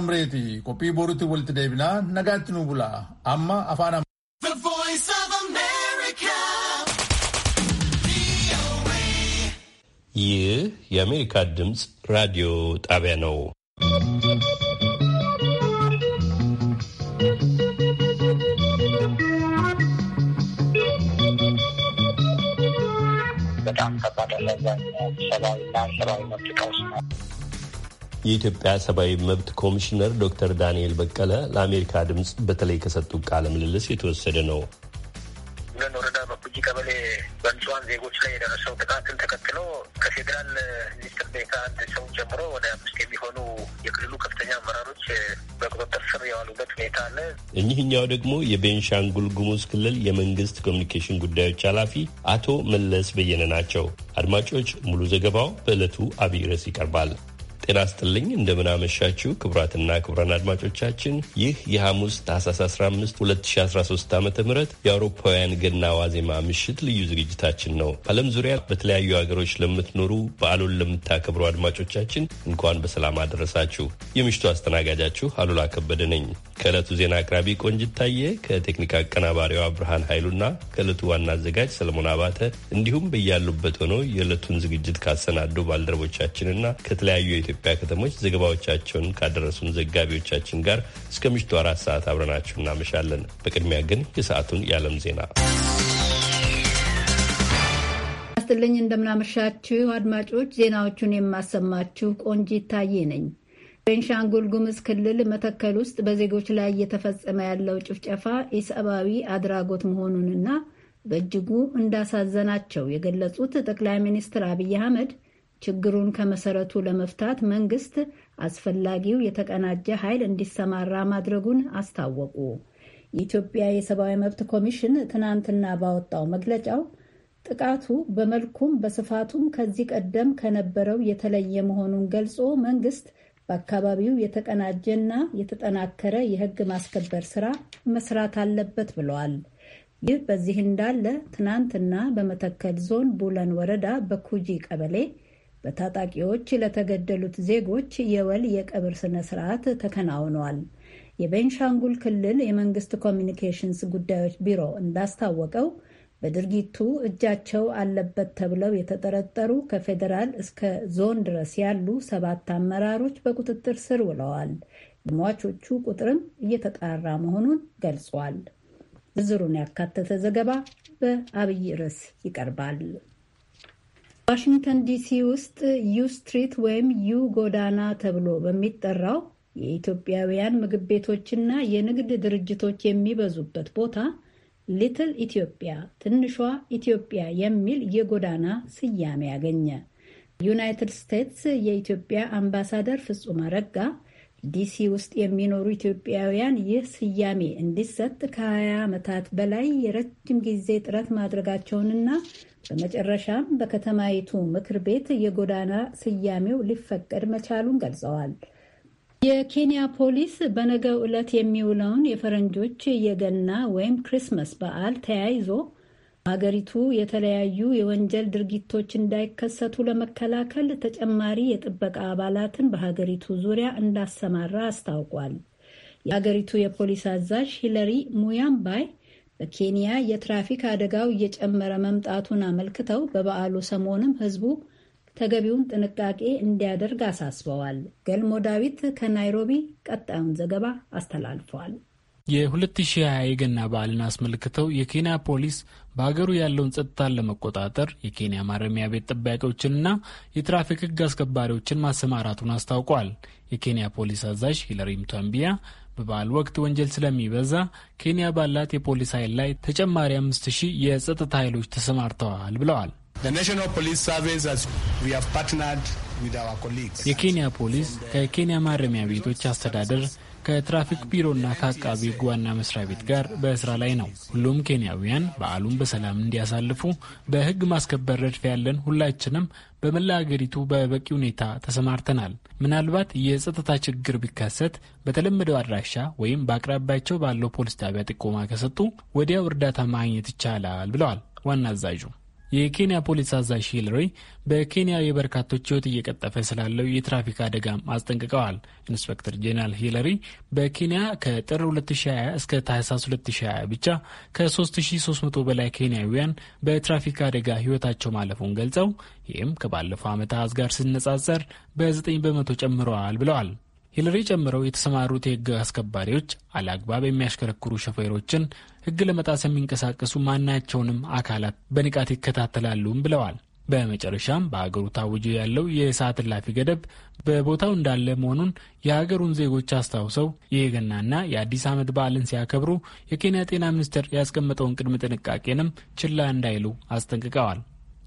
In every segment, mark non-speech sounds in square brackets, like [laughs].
Amreeti qophii boruutti walitti deebinaa nagaatti nu bula amma afaan ይህ የአሜሪካ ድምፅ ራዲዮ ጣቢያ ነው። በጣም ከባድ አሳዛኝ ሰብአዊና ሰብአዊ መብት ቀውስ ነው። የኢትዮጵያ ሰብአዊ መብት ኮሚሽነር ዶክተር ዳንኤል በቀለ ለአሜሪካ ድምፅ በተለይ ከሰጡት ቃለ ምልልስ የተወሰደ ነው። ለን ወረዳ በኩጂ ቀበሌ በንጹሃን ዜጎች ላይ የደረሰው ጥቃትን ተከትሎ ከፌዴራል ሚኒስትር ዴኤታ አንድ ሰውን ጀምሮ ወደ አምስት የሚሆኑ የክልሉ ከፍተኛ አመራሮች በቁጥጥር ስር የዋሉበት ሁኔታ አለ። እኚህኛው ደግሞ የቤንሻንጉል ጉሙዝ ክልል የመንግስት ኮሚኒኬሽን ጉዳዮች ኃላፊ አቶ መለስ በየነ ናቸው። አድማጮች ሙሉ ዘገባው በዕለቱ አብይ ርዕስ ይቀርባል። ጤና ይስጥልኝ እንደምናመሻችሁ ክቡራትና ክቡራን አድማጮቻችን ይህ የሐሙስ ታህሳስ 15 2013 ዓ ም የአውሮፓውያን ገና ዋዜማ ምሽት ልዩ ዝግጅታችን ነው። በዓለም ዙሪያ በተለያዩ ሀገሮች ለምትኖሩ በዓሉን ለምታከብሩ አድማጮቻችን እንኳን በሰላም አደረሳችሁ። የምሽቱ አስተናጋጃችሁ አሉላ ከበደ ነኝ። ከዕለቱ ዜና አቅራቢ ቆንጅት ታየ፣ ከቴክኒክ አቀናባሪዋ ብርሃን ኃይሉና ከዕለቱ ዋና አዘጋጅ ሰለሞን አባተ እንዲሁም በያሉበት ሆነው የዕለቱን ዝግጅት ካሰናዱ ባልደረቦቻችንና ከተለያዩ የኢትዮጵያ የኢትዮጵያ ከተሞች ዘገባዎቻቸውን ካደረሱን ዘጋቢዎቻችን ጋር እስከ ምሽቱ አራት ሰዓት አብረናችሁ እናመሻለን። በቅድሚያ ግን የሰዓቱን የዓለም ዜና አስትልኝ። እንደምናመሻችሁ አድማጮች፣ ዜናዎቹን የማሰማችሁ ቆንጂት ታዬ ነኝ። ቤንሻንጉል ጉምዝ ክልል መተከል ውስጥ በዜጎች ላይ እየተፈጸመ ያለው ጭፍጨፋ ኢሰብአዊ አድራጎት መሆኑንና በእጅጉ እንዳሳዘናቸው የገለጹት ጠቅላይ ሚኒስትር አብይ አህመድ ችግሩን ከመሰረቱ ለመፍታት መንግስት አስፈላጊው የተቀናጀ ኃይል እንዲሰማራ ማድረጉን አስታወቁ። የኢትዮጵያ የሰብአዊ መብት ኮሚሽን ትናንትና ባወጣው መግለጫው ጥቃቱ በመልኩም በስፋቱም ከዚህ ቀደም ከነበረው የተለየ መሆኑን ገልጾ መንግስት በአካባቢው የተቀናጀና የተጠናከረ የሕግ ማስከበር ስራ መስራት አለበት ብለዋል። ይህ በዚህ እንዳለ ትናንትና በመተከል ዞን ቡለን ወረዳ በኩጂ ቀበሌ በታጣቂዎች ለተገደሉት ዜጎች የወል የቀብር ስነ ስርዓት ተከናውኗል። የቤንሻንጉል ክልል የመንግስት ኮሚኒኬሽንስ ጉዳዮች ቢሮ እንዳስታወቀው በድርጊቱ እጃቸው አለበት ተብለው የተጠረጠሩ ከፌዴራል እስከ ዞን ድረስ ያሉ ሰባት አመራሮች በቁጥጥር ስር ውለዋል። የሟቾቹ ቁጥርም እየተጣራ መሆኑን ገልጿል። ዝርዝሩን ያካተተ ዘገባ በአብይ ርዕስ ይቀርባል። ዋሽንግተን ዲሲ ውስጥ ዩ ስትሪት ወይም ዩ ጎዳና ተብሎ በሚጠራው የኢትዮጵያውያን ምግብ ቤቶችና የንግድ ድርጅቶች የሚበዙበት ቦታ ሊትል ኢትዮጵያ ትንሿ ኢትዮጵያ የሚል የጎዳና ስያሜ ያገኘ። ዩናይትድ ስቴትስ የኢትዮጵያ አምባሳደር ፍጹም አረጋ ዲሲ ውስጥ የሚኖሩ ኢትዮጵያውያን ይህ ስያሜ እንዲሰጥ ከ20 ዓመታት በላይ የረጅም ጊዜ ጥረት ማድረጋቸውንና መጨረሻም በከተማይቱ ምክር ቤት የጎዳና ስያሜው ሊፈቀድ መቻሉን ገልጸዋል። የኬንያ ፖሊስ በነገው ዕለት የሚውለውን የፈረንጆች የገና ወይም ክሪስመስ በዓል ተያይዞ ሀገሪቱ የተለያዩ የወንጀል ድርጊቶች እንዳይከሰቱ ለመከላከል ተጨማሪ የጥበቃ አባላትን በሀገሪቱ ዙሪያ እንዳሰማራ አስታውቋል። የሀገሪቱ የፖሊስ አዛዥ ሂለሪ ሙያምባይ በኬንያ የትራፊክ አደጋው እየጨመረ መምጣቱን አመልክተው በበዓሉ ሰሞንም ህዝቡ ተገቢውን ጥንቃቄ እንዲያደርግ አሳስበዋል። ገልሞ ዳዊት ከናይሮቢ ቀጣዩን ዘገባ አስተላልፏል። የ2020 የገና በዓልን አስመልክተው የኬንያ ፖሊስ በሀገሩ ያለውን ጸጥታን ለመቆጣጠር የኬንያ ማረሚያ ቤት ጠባቂዎችንና የትራፊክ ህግ አስከባሪዎችን ማሰማራቱን አስታውቋል። የኬንያ ፖሊስ አዛዥ ሂለሪ ሙታምቢያ በበዓል ወቅት ወንጀል ስለሚበዛ ኬንያ ባላት የፖሊስ ኃይል ላይ ተጨማሪ አምስት ሺህ የጸጥታ ኃይሎች ተሰማርተዋል ብለዋል። የኬንያ ፖሊስ ከኬንያ ማረሚያ ቤቶች አስተዳደር ከትራፊክ ቢሮና ከአቃቢ ሕግ ዋና መስሪያ ቤት ጋር በስራ ላይ ነው። ሁሉም ኬንያውያን በዓሉን በሰላም እንዲያሳልፉ በህግ ማስከበር ረድፍ ያለን ሁላችንም በመላ አገሪቱ በበቂ ሁኔታ ተሰማርተናል። ምናልባት የጸጥታ ችግር ቢከሰት በተለመደው አድራሻ ወይም በአቅራቢያቸው ባለው ፖሊስ ጣቢያ ጥቆማ ከሰጡ ወዲያው እርዳታ ማግኘት ይቻላል ብለዋል ዋና አዛዡ። የኬንያ ፖሊስ አዛዥ ሂለሪ በኬንያ የበርካቶች ህይወት እየቀጠፈ ስላለው የትራፊክ አደጋም አስጠንቅቀዋል። ኢንስፔክተር ጄኔራል ሂለሪ በኬንያ ከጥር 2020 እስከ ታህሳስ 2020 ብቻ ከ3300 በላይ ኬንያውያን በትራፊክ አደጋ ህይወታቸው ማለፉን ገልጸው ይህም ከባለፈው ዓመት አዝጋር ጋር ሲነጻጸር በ9 በመቶ ጨምረዋል ብለዋል። ሂለሪ ጨምረው የተሰማሩት የህግ አስከባሪዎች አለአግባብ የሚያሽከረክሩ ሾፌሮችን ህግ ለመጣስ የሚንቀሳቀሱ ማናቸውንም አካላት በንቃት ይከታተላሉም ብለዋል። በመጨረሻም በሀገሩ ታውጆ ያለው የሰዓት እላፊ ገደብ በቦታው እንዳለ መሆኑን የሀገሩን ዜጎች አስታውሰው የገናና የአዲስ ዓመት በዓልን ሲያከብሩ የኬንያ ጤና ሚኒስቴር ያስቀመጠውን ቅድመ ጥንቃቄንም ችላ እንዳይሉ አስጠንቅቀዋል።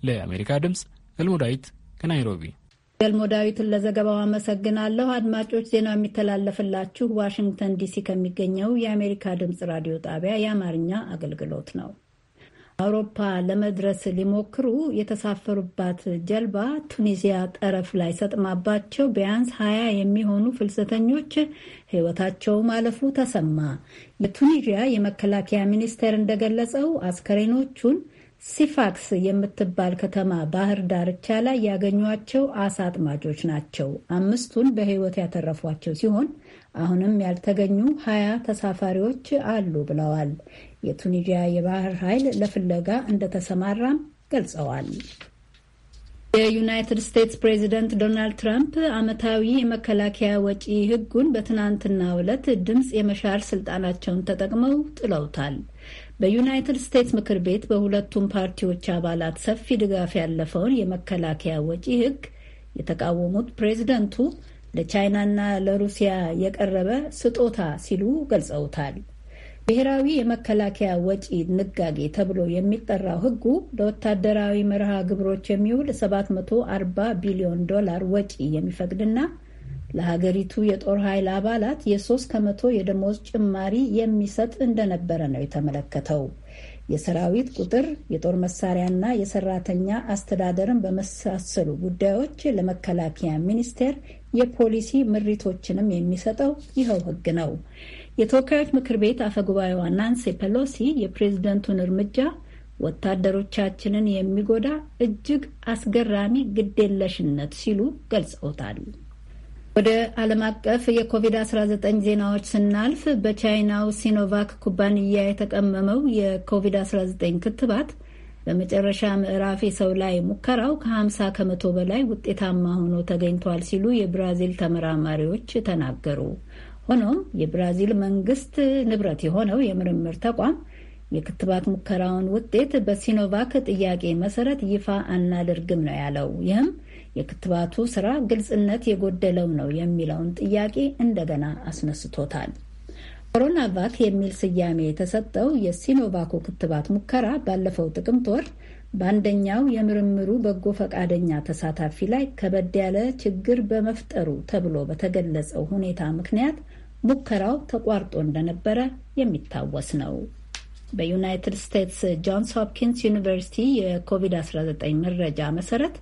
ለአሜሪካ ድምፅ ገልሞ ዳዊት ከናይሮቢ ገልሞ ዳዊትን ለዘገባው አመሰግናለሁ። አድማጮች ዜናው የሚተላለፍላችሁ ዋሽንግተን ዲሲ ከሚገኘው የአሜሪካ ድምፅ ራዲዮ ጣቢያ የአማርኛ አገልግሎት ነው። አውሮፓ ለመድረስ ሊሞክሩ የተሳፈሩባት ጀልባ ቱኒዚያ ጠረፍ ላይ ሰጥማባቸው ቢያንስ ሀያ የሚሆኑ ፍልሰተኞች ሕይወታቸው ማለፉ ተሰማ። የቱኒዚያ የመከላከያ ሚኒስቴር እንደገለጸው አስከሬኖቹን ሲፋክስ የምትባል ከተማ ባህር ዳርቻ ላይ ያገኟቸው አሳ አጥማጆች ናቸው። አምስቱን በሕይወት ያተረፏቸው ሲሆን አሁንም ያልተገኙ ሀያ ተሳፋሪዎች አሉ ብለዋል። የቱኒዚያ የባህር ኃይል ለፍለጋ እንደተሰማራም ገልጸዋል። የዩናይትድ ስቴትስ ፕሬዚደንት ዶናልድ ትራምፕ ዓመታዊ የመከላከያ ወጪ ሕጉን በትናንትናው ዕለት ድምፅ የመሻር ስልጣናቸውን ተጠቅመው ጥለውታል። በዩናይትድ ስቴትስ ምክር ቤት በሁለቱም ፓርቲዎች አባላት ሰፊ ድጋፍ ያለፈውን የመከላከያ ወጪ ሕግ የተቃወሙት ፕሬዚደንቱ ለቻይናና ለሩሲያ የቀረበ ስጦታ ሲሉ ገልጸውታል። ብሔራዊ የመከላከያ ወጪ ድንጋጌ ተብሎ የሚጠራው ሕጉ ለወታደራዊ መርሃ ግብሮች የሚውል 740 ቢሊዮን ዶላር ወጪ የሚፈቅድና ለሀገሪቱ የጦር ኃይል አባላት የሶስት ከመቶ የደሞዝ ጭማሪ የሚሰጥ እንደነበረ ነው የተመለከተው። የሰራዊት ቁጥር፣ የጦር መሳሪያና የሰራተኛ አስተዳደርን በመሳሰሉ ጉዳዮች ለመከላከያ ሚኒስቴር የፖሊሲ ምሪቶችንም የሚሰጠው ይኸው ህግ ነው። የተወካዮች ምክር ቤት አፈጉባኤዋ ናንሲ ፔሎሲ የፕሬዝደንቱን እርምጃ ወታደሮቻችንን የሚጎዳ እጅግ አስገራሚ ግዴለሽነት ሲሉ ገልጸውታል። ወደ ዓለም አቀፍ የኮቪድ-19 ዜናዎች ስናልፍ በቻይናው ሲኖቫክ ኩባንያ የተቀመመው የኮቪድ-19 ክትባት በመጨረሻ ምዕራፍ የሰው ላይ ሙከራው ከ50 ከመቶ በላይ ውጤታማ ሆኖ ተገኝቷል ሲሉ የብራዚል ተመራማሪዎች ተናገሩ። ሆኖም የብራዚል መንግስት ንብረት የሆነው የምርምር ተቋም የክትባት ሙከራውን ውጤት በሲኖቫክ ጥያቄ መሰረት ይፋ አናደርግም ነው ያለው። ይህም የክትባቱ ስራ ግልጽነት የጎደለው ነው የሚለውን ጥያቄ እንደገና አስነስቶታል። ኮሮና ቫክ የሚል ስያሜ የተሰጠው የሲኖቫኩ ክትባት ሙከራ ባለፈው ጥቅምት ወር በአንደኛው የምርምሩ በጎ ፈቃደኛ ተሳታፊ ላይ ከበድ ያለ ችግር በመፍጠሩ ተብሎ በተገለጸው ሁኔታ ምክንያት ሙከራው ተቋርጦ እንደነበረ የሚታወስ ነው። በዩናይትድ ስቴትስ ጆንስ ሆፕኪንስ ዩኒቨርሲቲ የኮቪድ-19 መረጃ መሰረት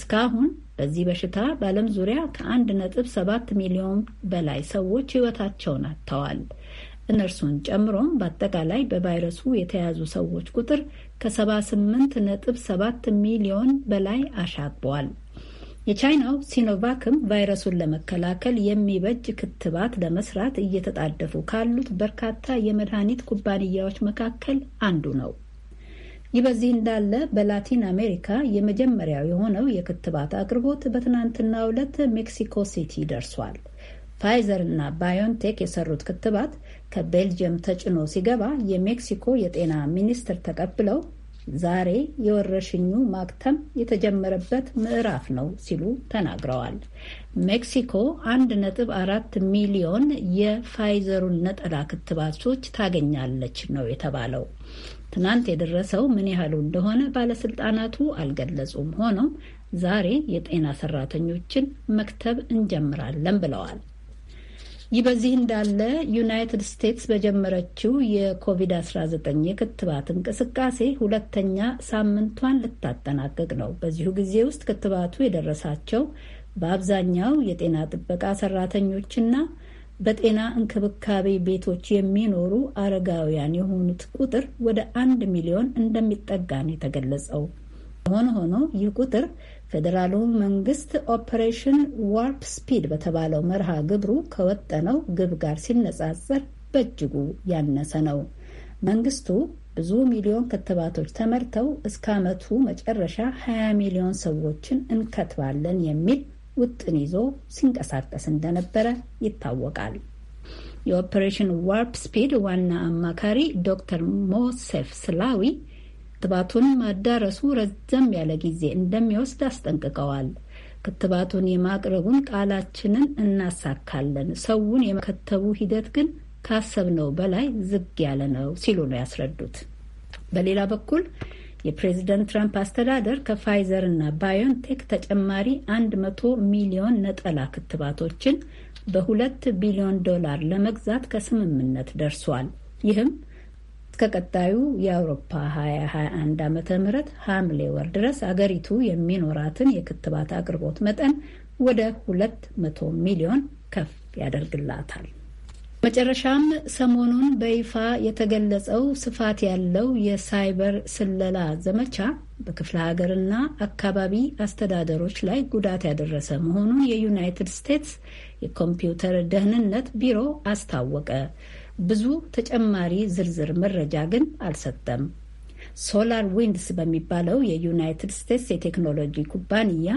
እስካሁን በዚህ በሽታ በዓለም ዙሪያ ከአንድ ነጥብ ሰባት ሚሊዮን በላይ ሰዎች ሕይወታቸውን አጥተዋል። እነርሱን ጨምሮም በአጠቃላይ በቫይረሱ የተያዙ ሰዎች ቁጥር ከ78 ነጥብ 7 ሚሊዮን በላይ አሻቅቧል። የቻይናው ሲኖቫክም ቫይረሱን ለመከላከል የሚበጅ ክትባት ለመስራት እየተጣደፉ ካሉት በርካታ የመድኃኒት ኩባንያዎች መካከል አንዱ ነው። ይህ በዚህ እንዳለ በላቲን አሜሪካ የመጀመሪያው የሆነው የክትባት አቅርቦት በትናንትናው ዕለት ሜክሲኮ ሲቲ ደርሷል። ፋይዘር እና ባዮንቴክ የሰሩት ክትባት ከቤልጅየም ተጭኖ ሲገባ የሜክሲኮ የጤና ሚኒስትር ተቀብለው ዛሬ የወረሽኙ ማክተም የተጀመረበት ምዕራፍ ነው ሲሉ ተናግረዋል። ሜክሲኮ 1.4 ሚሊዮን የፋይዘሩን ነጠላ ክትባቶች ታገኛለች ነው የተባለው። ትናንት የደረሰው ምን ያህሉ እንደሆነ ባለስልጣናቱ አልገለጹም። ሆኖም ዛሬ የጤና ሰራተኞችን መክተብ እንጀምራለን ብለዋል። ይህ በዚህ እንዳለ ዩናይትድ ስቴትስ በጀመረችው የኮቪድ-19 የክትባት እንቅስቃሴ ሁለተኛ ሳምንቷን ልታጠናቅቅ ነው። በዚሁ ጊዜ ውስጥ ክትባቱ የደረሳቸው በአብዛኛው የጤና ጥበቃ ሰራተኞችና በጤና እንክብካቤ ቤቶች የሚኖሩ አረጋውያን የሆኑት ቁጥር ወደ አንድ ሚሊዮን እንደሚጠጋ ነው የተገለጸው። ሆኖ ሆኖ ይህ ቁጥር ፌዴራሉ መንግስት ኦፐሬሽን ዋርፕ ስፒድ በተባለው መርሃ ግብሩ ከወጠነው ግብ ጋር ሲነጻጸር በእጅጉ ያነሰ ነው። መንግስቱ ብዙ ሚሊዮን ክትባቶች ተመርተው እስከ ዓመቱ መጨረሻ 20 ሚሊዮን ሰዎችን እንከትባለን የሚል ውጥን ይዞ ሲንቀሳቀስ እንደነበረ ይታወቃል። የኦፐሬሽን ዋርፕ ስፒድ ዋና አማካሪ ዶክተር ሞሴፍ ስላዊ ክትባቱን ማዳረሱ ረዘም ያለ ጊዜ እንደሚወስድ አስጠንቅቀዋል። ክትባቱን የማቅረቡን ቃላችንን እናሳካለን፣ ሰውን የመከተቡ ሂደት ግን ካሰብነው በላይ ዝግ ያለ ነው ሲሉ ነው ያስረዱት። በሌላ በኩል የፕሬዝደንት ትራምፕ አስተዳደር ከፋይዘር እና ባዮንቴክ ተጨማሪ 100 ሚሊዮን ነጠላ ክትባቶችን በሁለት ቢሊዮን ዶላር ለመግዛት ከስምምነት ደርሷል። ይህም እስከ ቀጣዩ የአውሮፓ 2021 ዓ ም ሐምሌ ወር ድረስ አገሪቱ የሚኖራትን የክትባት አቅርቦት መጠን ወደ 200 ሚሊዮን ከፍ ያደርግላታል። መጨረሻም ሰሞኑን በይፋ የተገለጸው ስፋት ያለው የሳይበር ስለላ ዘመቻ በክፍለ ሀገርና አካባቢ አስተዳደሮች ላይ ጉዳት ያደረሰ መሆኑን የዩናይትድ ስቴትስ የኮምፒውተር ደህንነት ቢሮ አስታወቀ። ብዙ ተጨማሪ ዝርዝር መረጃ ግን አልሰጠም። ሶላር ዊንድስ በሚባለው የዩናይትድ ስቴትስ የቴክኖሎጂ ኩባንያ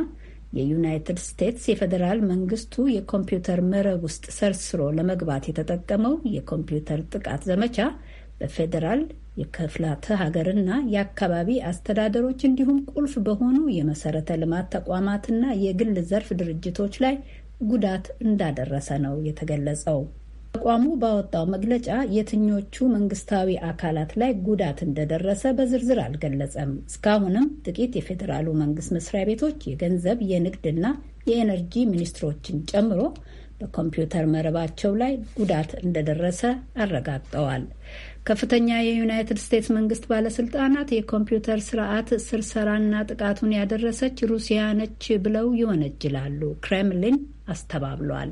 የዩናይትድ ስቴትስ የፌዴራል መንግስቱ የኮምፒውተር መረብ ውስጥ ሰርስሮ ለመግባት የተጠቀመው የኮምፒውተር ጥቃት ዘመቻ በፌዴራል የክፍላተ ሀገርና የአካባቢ አስተዳደሮች እንዲሁም ቁልፍ በሆኑ የመሰረተ ልማት ተቋማትና የግል ዘርፍ ድርጅቶች ላይ ጉዳት እንዳደረሰ ነው የተገለጸው። ተቋሙ ባወጣው መግለጫ የትኞቹ መንግስታዊ አካላት ላይ ጉዳት እንደደረሰ በዝርዝር አልገለጸም። እስካሁንም ጥቂት የፌዴራሉ መንግስት መስሪያ ቤቶች የገንዘብ፣ የንግድና የኤነርጂ ሚኒስትሮችን ጨምሮ በኮምፒውተር መረባቸው ላይ ጉዳት እንደደረሰ አረጋግጠዋል። ከፍተኛ የዩናይትድ ስቴትስ መንግስት ባለስልጣናት የኮምፒውተር ስርዓት ስርሰራና ጥቃቱን ያደረሰች ሩሲያ ነች ብለው ይወነጅላሉ። ክሬምሊን አስተባብሏል።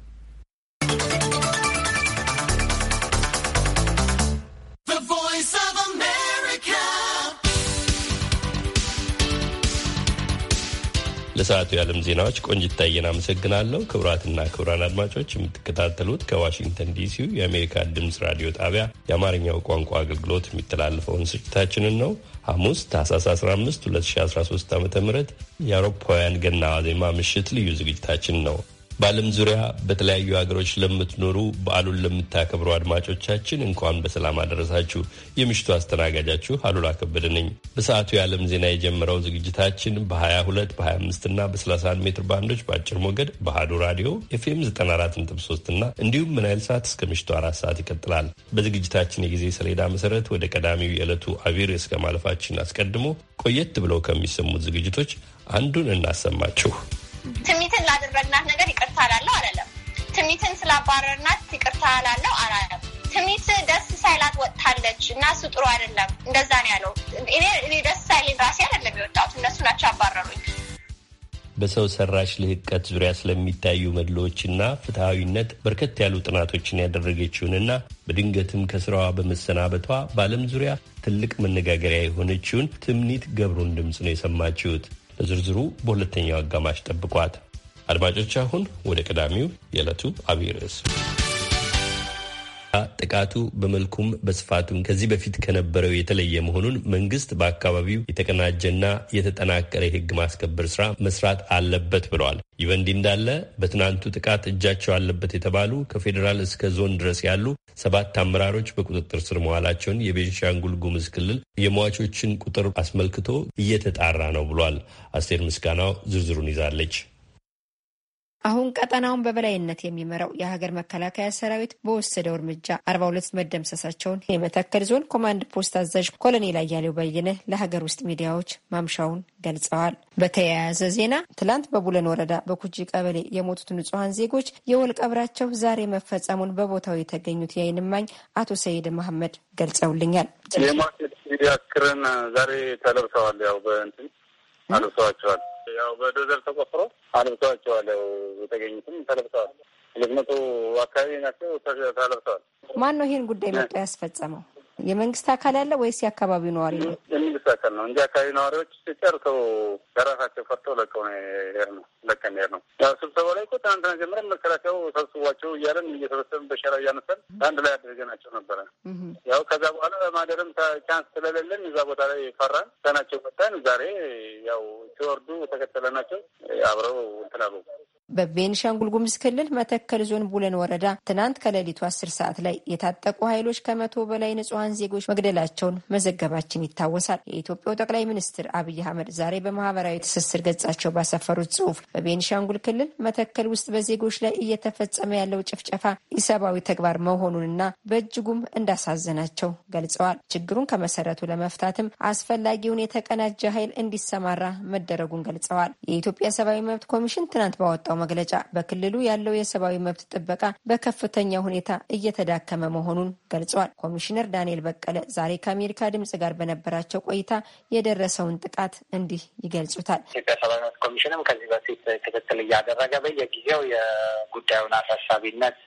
ለሰዓቱ የዓለም ዜናዎች ቆንጅታየን አመሰግናለሁ። ክቡራትና ክቡራን አድማጮች የምትከታተሉት ከዋሽንግተን ዲሲው የአሜሪካ ድምፅ ራዲዮ ጣቢያ የአማርኛው ቋንቋ አገልግሎት የሚተላለፈውን ስርጭታችንን ነው። ሐሙስ ታህሳስ 15 2013 ዓ ም የአውሮፓውያን ገና ዋዜማ ምሽት ልዩ ዝግጅታችን ነው። በዓለም ዙሪያ በተለያዩ ሀገሮች ለምትኖሩ በዓሉን ለምታከብሩ አድማጮቻችን እንኳን በሰላም አደረሳችሁ። የምሽቱ አስተናጋጃችሁ አሉላ ከበደ ነኝ። በሰዓቱ የዓለም ዜና የጀመረው ዝግጅታችን በ22 በ25 እና በ31 ሜትር ባንዶች በአጭር ሞገድ በአሀዱ ራዲዮ ኤፍኤም 943 እና እንዲሁም ምናይል ሰዓት እስከ ምሽቱ አራት ሰዓት ይቀጥላል። በዝግጅታችን የጊዜ ሰሌዳ መሰረት ወደ ቀዳሚው የዕለቱ አቢር እስከ ማለፋችን አስቀድሞ ቆየት ብለው ከሚሰሙት ዝግጅቶች አንዱን እናሰማችሁ። ትሚትን ላደረግናት ነገር ይቀር ትሚትን ስላባረርናት ይቅርታ ላለው አላለም። ትሚት ደስ ሳይላት ወጥታለች እና እሱ ጥሩ አይደለም፣ እንደዛ ነው ያለው። እኔ ደስ ሳይል ራሴ አይደለም የወጣሁት፣ እነሱ ናቸው አባረሩኝ። በሰው ሰራሽ ልህቀት ዙሪያ ስለሚታዩ መድሎዎችና ፍትሐዊነት በርከት ያሉ ጥናቶችን ያደረገችውንና በድንገትም ከስራዋ በመሰናበቷ በዓለም ዙሪያ ትልቅ መነጋገሪያ የሆነችውን ትምኒት ገብሩን ድምፅ ነው የሰማችሁት። ለዝርዝሩ በሁለተኛው አጋማሽ ጠብቋት። አድማጮች አሁን ወደ ቀዳሚው የዕለቱ አብይ ርዕስ ጥቃቱ በመልኩም በስፋቱም ከዚህ በፊት ከነበረው የተለየ መሆኑን መንግስት በአካባቢው የተቀናጀና የተጠናከረ የህግ ማስከበር ስራ መስራት አለበት ብለዋል። ይህ በእንዲህ እንዳለ በትናንቱ ጥቃት እጃቸው አለበት የተባሉ ከፌዴራል እስከ ዞን ድረስ ያሉ ሰባት አመራሮች በቁጥጥር ስር መዋላቸውን የቤንሻንጉል ጉምዝ ክልል የሟቾችን ቁጥር አስመልክቶ እየተጣራ ነው ብሏል። አስቴር ምስጋናው ዝርዝሩን ይዛለች። አሁን ቀጠናውን በበላይነት የሚመራው የሀገር መከላከያ ሰራዊት በወሰደው እርምጃ አርባ ሁለት መደምሰሳቸውን የመተከል ዞን ኮማንድ ፖስት አዛዥ ኮሎኔል አያሌው በየነ ለሀገር ውስጥ ሚዲያዎች ማምሻውን ገልጸዋል። በተያያዘ ዜና ትላንት በቡለን ወረዳ በኩጂ ቀበሌ የሞቱት ንጹሐን ዜጎች የወል ቀብራቸው ዛሬ መፈጸሙን በቦታው የተገኙት የአይንማኝ እማኝ አቶ ሰይድ መሐመድ ገልጸውልኛል። የሟቾች ሚዲያ ክርን ዛሬ ተለብሰዋል። ያው በእንትን አልብሰዋቸዋል ያው በዶዘር ተቆፍሮ አልብተዋቸዋል። ያው የተገኙትም ተለብተዋል። ሁለት መቶ አካባቢ ናቸው ተለብተዋል። ማን ነው ይህን ጉዳይ መጥቶ ያስፈጸመው? የመንግስት አካል ያለ ወይስ የአካባቢው ነዋሪ ነው? የመንግስት አካል ነው እንጂ አካባቢ ነዋሪዎች ጨርሰው በራሳቸው ፈርተው ለቀው ነው የሄድነው። ለቀን የሄድነው ስብሰባ ላይ እኮ ትናንትና ጀምረን መከላከያው ሰብስቧቸው እያለን እየሰበሰብን በሸራ እያነሰን አንድ ላይ አድርገናቸው ነበረ። ያው ከዛ በኋላ በማደርም ቻንስ ስለሌለን እዛ ቦታ ላይ ፈራን፣ ተናቸው መጣን። ዛሬ ያው ሲወርዱ ተከተለናቸው አብረው እንትን አሉ በቤንሻንጉል ጉምዝ ክልል መተከል ዞን ቡለን ወረዳ ትናንት ከሌሊቱ አስር ሰዓት ላይ የታጠቁ ኃይሎች ከመቶ በላይ ንጹሐን ዜጎች መግደላቸውን መዘገባችን ይታወሳል። የኢትዮጵያው ጠቅላይ ሚኒስትር አብይ አህመድ ዛሬ በማህበራዊ ትስስር ገጻቸው ባሰፈሩት ጽሁፍ በቤንሻንጉል ክልል መተከል ውስጥ በዜጎች ላይ እየተፈጸመ ያለው ጭፍጨፋ ኢሰብአዊ ተግባር መሆኑንና በእጅጉም እንዳሳዘናቸው ገልጸዋል። ችግሩን ከመሰረቱ ለመፍታትም አስፈላጊውን የተቀናጀ ኃይል እንዲሰማራ መደረጉን ገልጸዋል። የኢትዮጵያ ሰብአዊ መብት ኮሚሽን ትናንት ባወጣው መግለጫ በክልሉ ያለው የሰብአዊ መብት ጥበቃ በከፍተኛ ሁኔታ እየተዳከመ መሆኑን ገልጿል። ኮሚሽነር ዳንኤል በቀለ ዛሬ ከአሜሪካ ድምጽ ጋር በነበራቸው ቆይታ የደረሰውን ጥቃት እንዲህ ይገልጹታል። ኢትዮጵያ ሰብአዊ መብት ኮሚሽንም ከዚህ በፊት ክትትል እያደረገ በየጊዜው የጉዳዩን አሳሳቢነት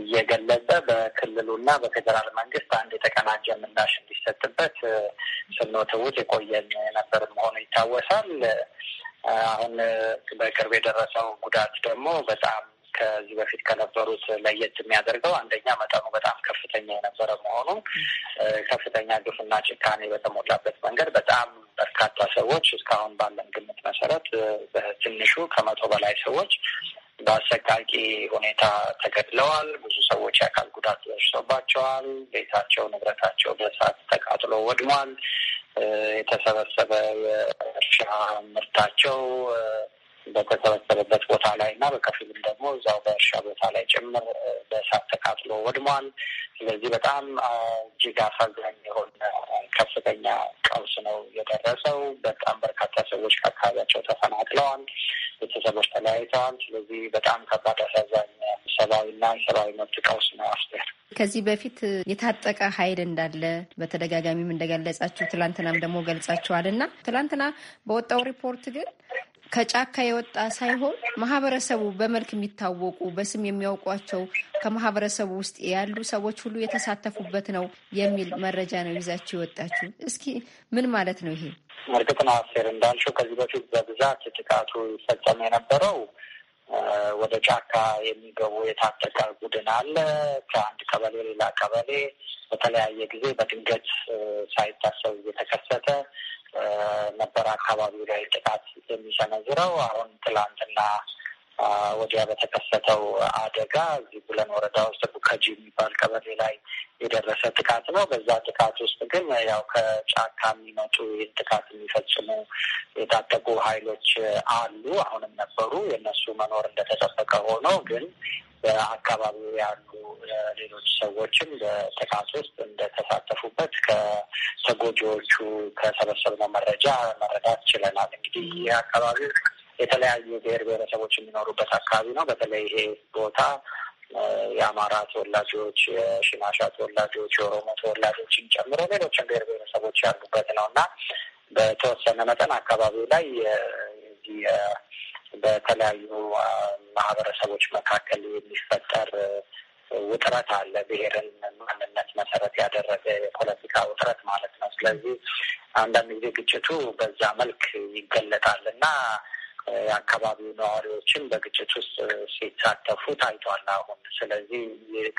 እየገለጸ በክልሉና በፌዴራል መንግስት አንድ የተቀናጀ ምላሽ እንዲሰጥበት ስንወተውት የቆየን የነበር መሆኑ ይታወሳል። አሁን በቅርብ የደረሰው ጉዳት ደግሞ በጣም ከዚህ በፊት ከነበሩት ለየት የሚያደርገው አንደኛ መጠኑ በጣም ከፍተኛ የነበረ መሆኑ ከፍተኛ ግፍና ጭካኔ በተሞላበት መንገድ በጣም በርካታ ሰዎች እስካሁን ባለን ግምት መሰረት በትንሹ ከመቶ በላይ ሰዎች በአሰቃቂ ሁኔታ ተገድለዋል። ብዙ ሰዎች የአካል ጉዳት ደርሶባቸዋል። ቤታቸው፣ ንብረታቸው በእሳት ተቃጥሎ ወድሟል። የተሰበሰበ የእርሻ ምርታቸው በተሰበሰበበት ቦታ ላይ እና በከፊልም ደግሞ እዛው በእርሻ ቦታ ላይ ጭምር በእሳት ተቃጥሎ ወድሟል። ስለዚህ በጣም እጅግ አሳዛኝ የሆነ ከፍተኛ ቀውስ ነው የደረሰው። በጣም በርካታ ሰዎች ከአካባቢያቸው ተፈናቅለዋል፣ ቤተሰቦች ተለያይተዋል። ስለዚህ በጣም ከባድ አሳዛኝ ሰብአዊና ሰብአዊ መብት ቀውስ ነው አስደር ከዚህ በፊት የታጠቀ ኃይል እንዳለ በተደጋጋሚም እንደገለጻችሁ ትላንትናም ደግሞ ገልጻችኋል እና ትላንትና በወጣው ሪፖርት ግን ከጫካ የወጣ ሳይሆን ማህበረሰቡ በመልክ የሚታወቁ በስም የሚያውቋቸው ከማህበረሰቡ ውስጥ ያሉ ሰዎች ሁሉ የተሳተፉበት ነው የሚል መረጃ ነው ይዛችሁ የወጣችሁ። እስኪ ምን ማለት ነው ይሄ? እርግጥ ነው አስቴር እንዳልሽው ከዚህ በፊት በብዛት ጥቃቱ ይፈጸም የነበረው ወደ ጫካ የሚገቡ የታጠቀ ቡድን አለ። ከአንድ ቀበሌ ሌላ ቀበሌ በተለያየ ጊዜ በድንገት ሳይታሰብ እየተከሰተ ነበር አካባቢው ላይ ጥቃት የሚሰነዝረው። አሁን ትላንትና ወዲያ በተከሰተው አደጋ እዚህ ቡለን ወረዳ ውስጥ ቡከጂ የሚባል ቀበሌ ላይ የደረሰ ጥቃት ነው። በዛ ጥቃት ውስጥ ግን ያው ከጫካ የሚመጡ ይህን ጥቃት የሚፈጽሙ የታጠቁ ኃይሎች አሉ፣ አሁንም ነበሩ። የእነሱ መኖር እንደተጠበቀ ሆኖ ግን በአካባቢው ያሉ ሌሎች ሰዎችም በጥቃት ውስጥ እንደተሳተፉበት ከተጎጂዎቹ ከሰበሰብነው መረጃ መረዳት ችለናል። እንግዲህ ይህ አካባቢ የተለያዩ ብሔር ብሔረሰቦች የሚኖሩበት አካባቢ ነው። በተለይ ይሄ ቦታ የአማራ ተወላጆች፣ የሽናሻ ተወላጆች፣ የኦሮሞ ተወላጆችን ጨምሮ ሌሎችን ብሔር ብሔረሰቦች ያሉበት ነው እና በተወሰነ መጠን አካባቢው ላይ በተለያዩ ማህበረሰቦች መካከል የሚፈጠር ውጥረት አለ። ብሔርን ማንነት መሰረት ያደረገ የፖለቲካ ውጥረት ማለት ነው። ስለዚህ አንዳንድ ጊዜ ግጭቱ በዛ መልክ ይገለጣል እና የአካባቢው ነዋሪዎችን በግጭት ውስጥ ሲሳተፉ ታይቷል። አሁን ስለዚህ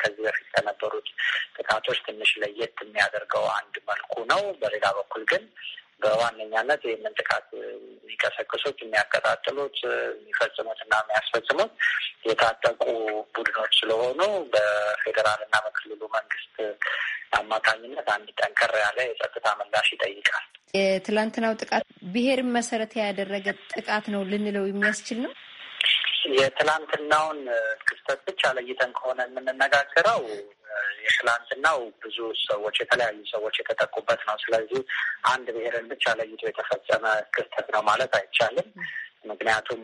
ከዚህ በፊት ከነበሩት ጥቃቶች ትንሽ ለየት የሚያደርገው አንድ መልኩ ነው። በሌላ በኩል ግን በዋነኛነት ይህንን ጥቃት የሚቀሰቅሱት የሚያቀጣጥሉት፣ የሚፈጽሙት እና የሚያስፈጽሙት የታጠቁ ቡድኖች ስለሆኑ በፌዴራል እና በክልሉ መንግስት አማካኝነት አንድ ጠንከር ያለ የጸጥታ ምላሽ ይጠይቃል። የትላንትናው ጥቃት ብሔርን መሰረት ያደረገ ጥቃት ነው ልንለው የሚያስችል ነው። የትላንትናውን ክስተት ብቻ ለይተን ከሆነ የምንነጋገረው የትላንትናው ብዙ ሰዎች የተለያዩ ሰዎች የተጠቁበት ነው። ስለዚህ አንድ ብሔርን ብቻ ለይቶ የተፈጸመ ክስተት ነው ማለት አይቻልም። ምክንያቱም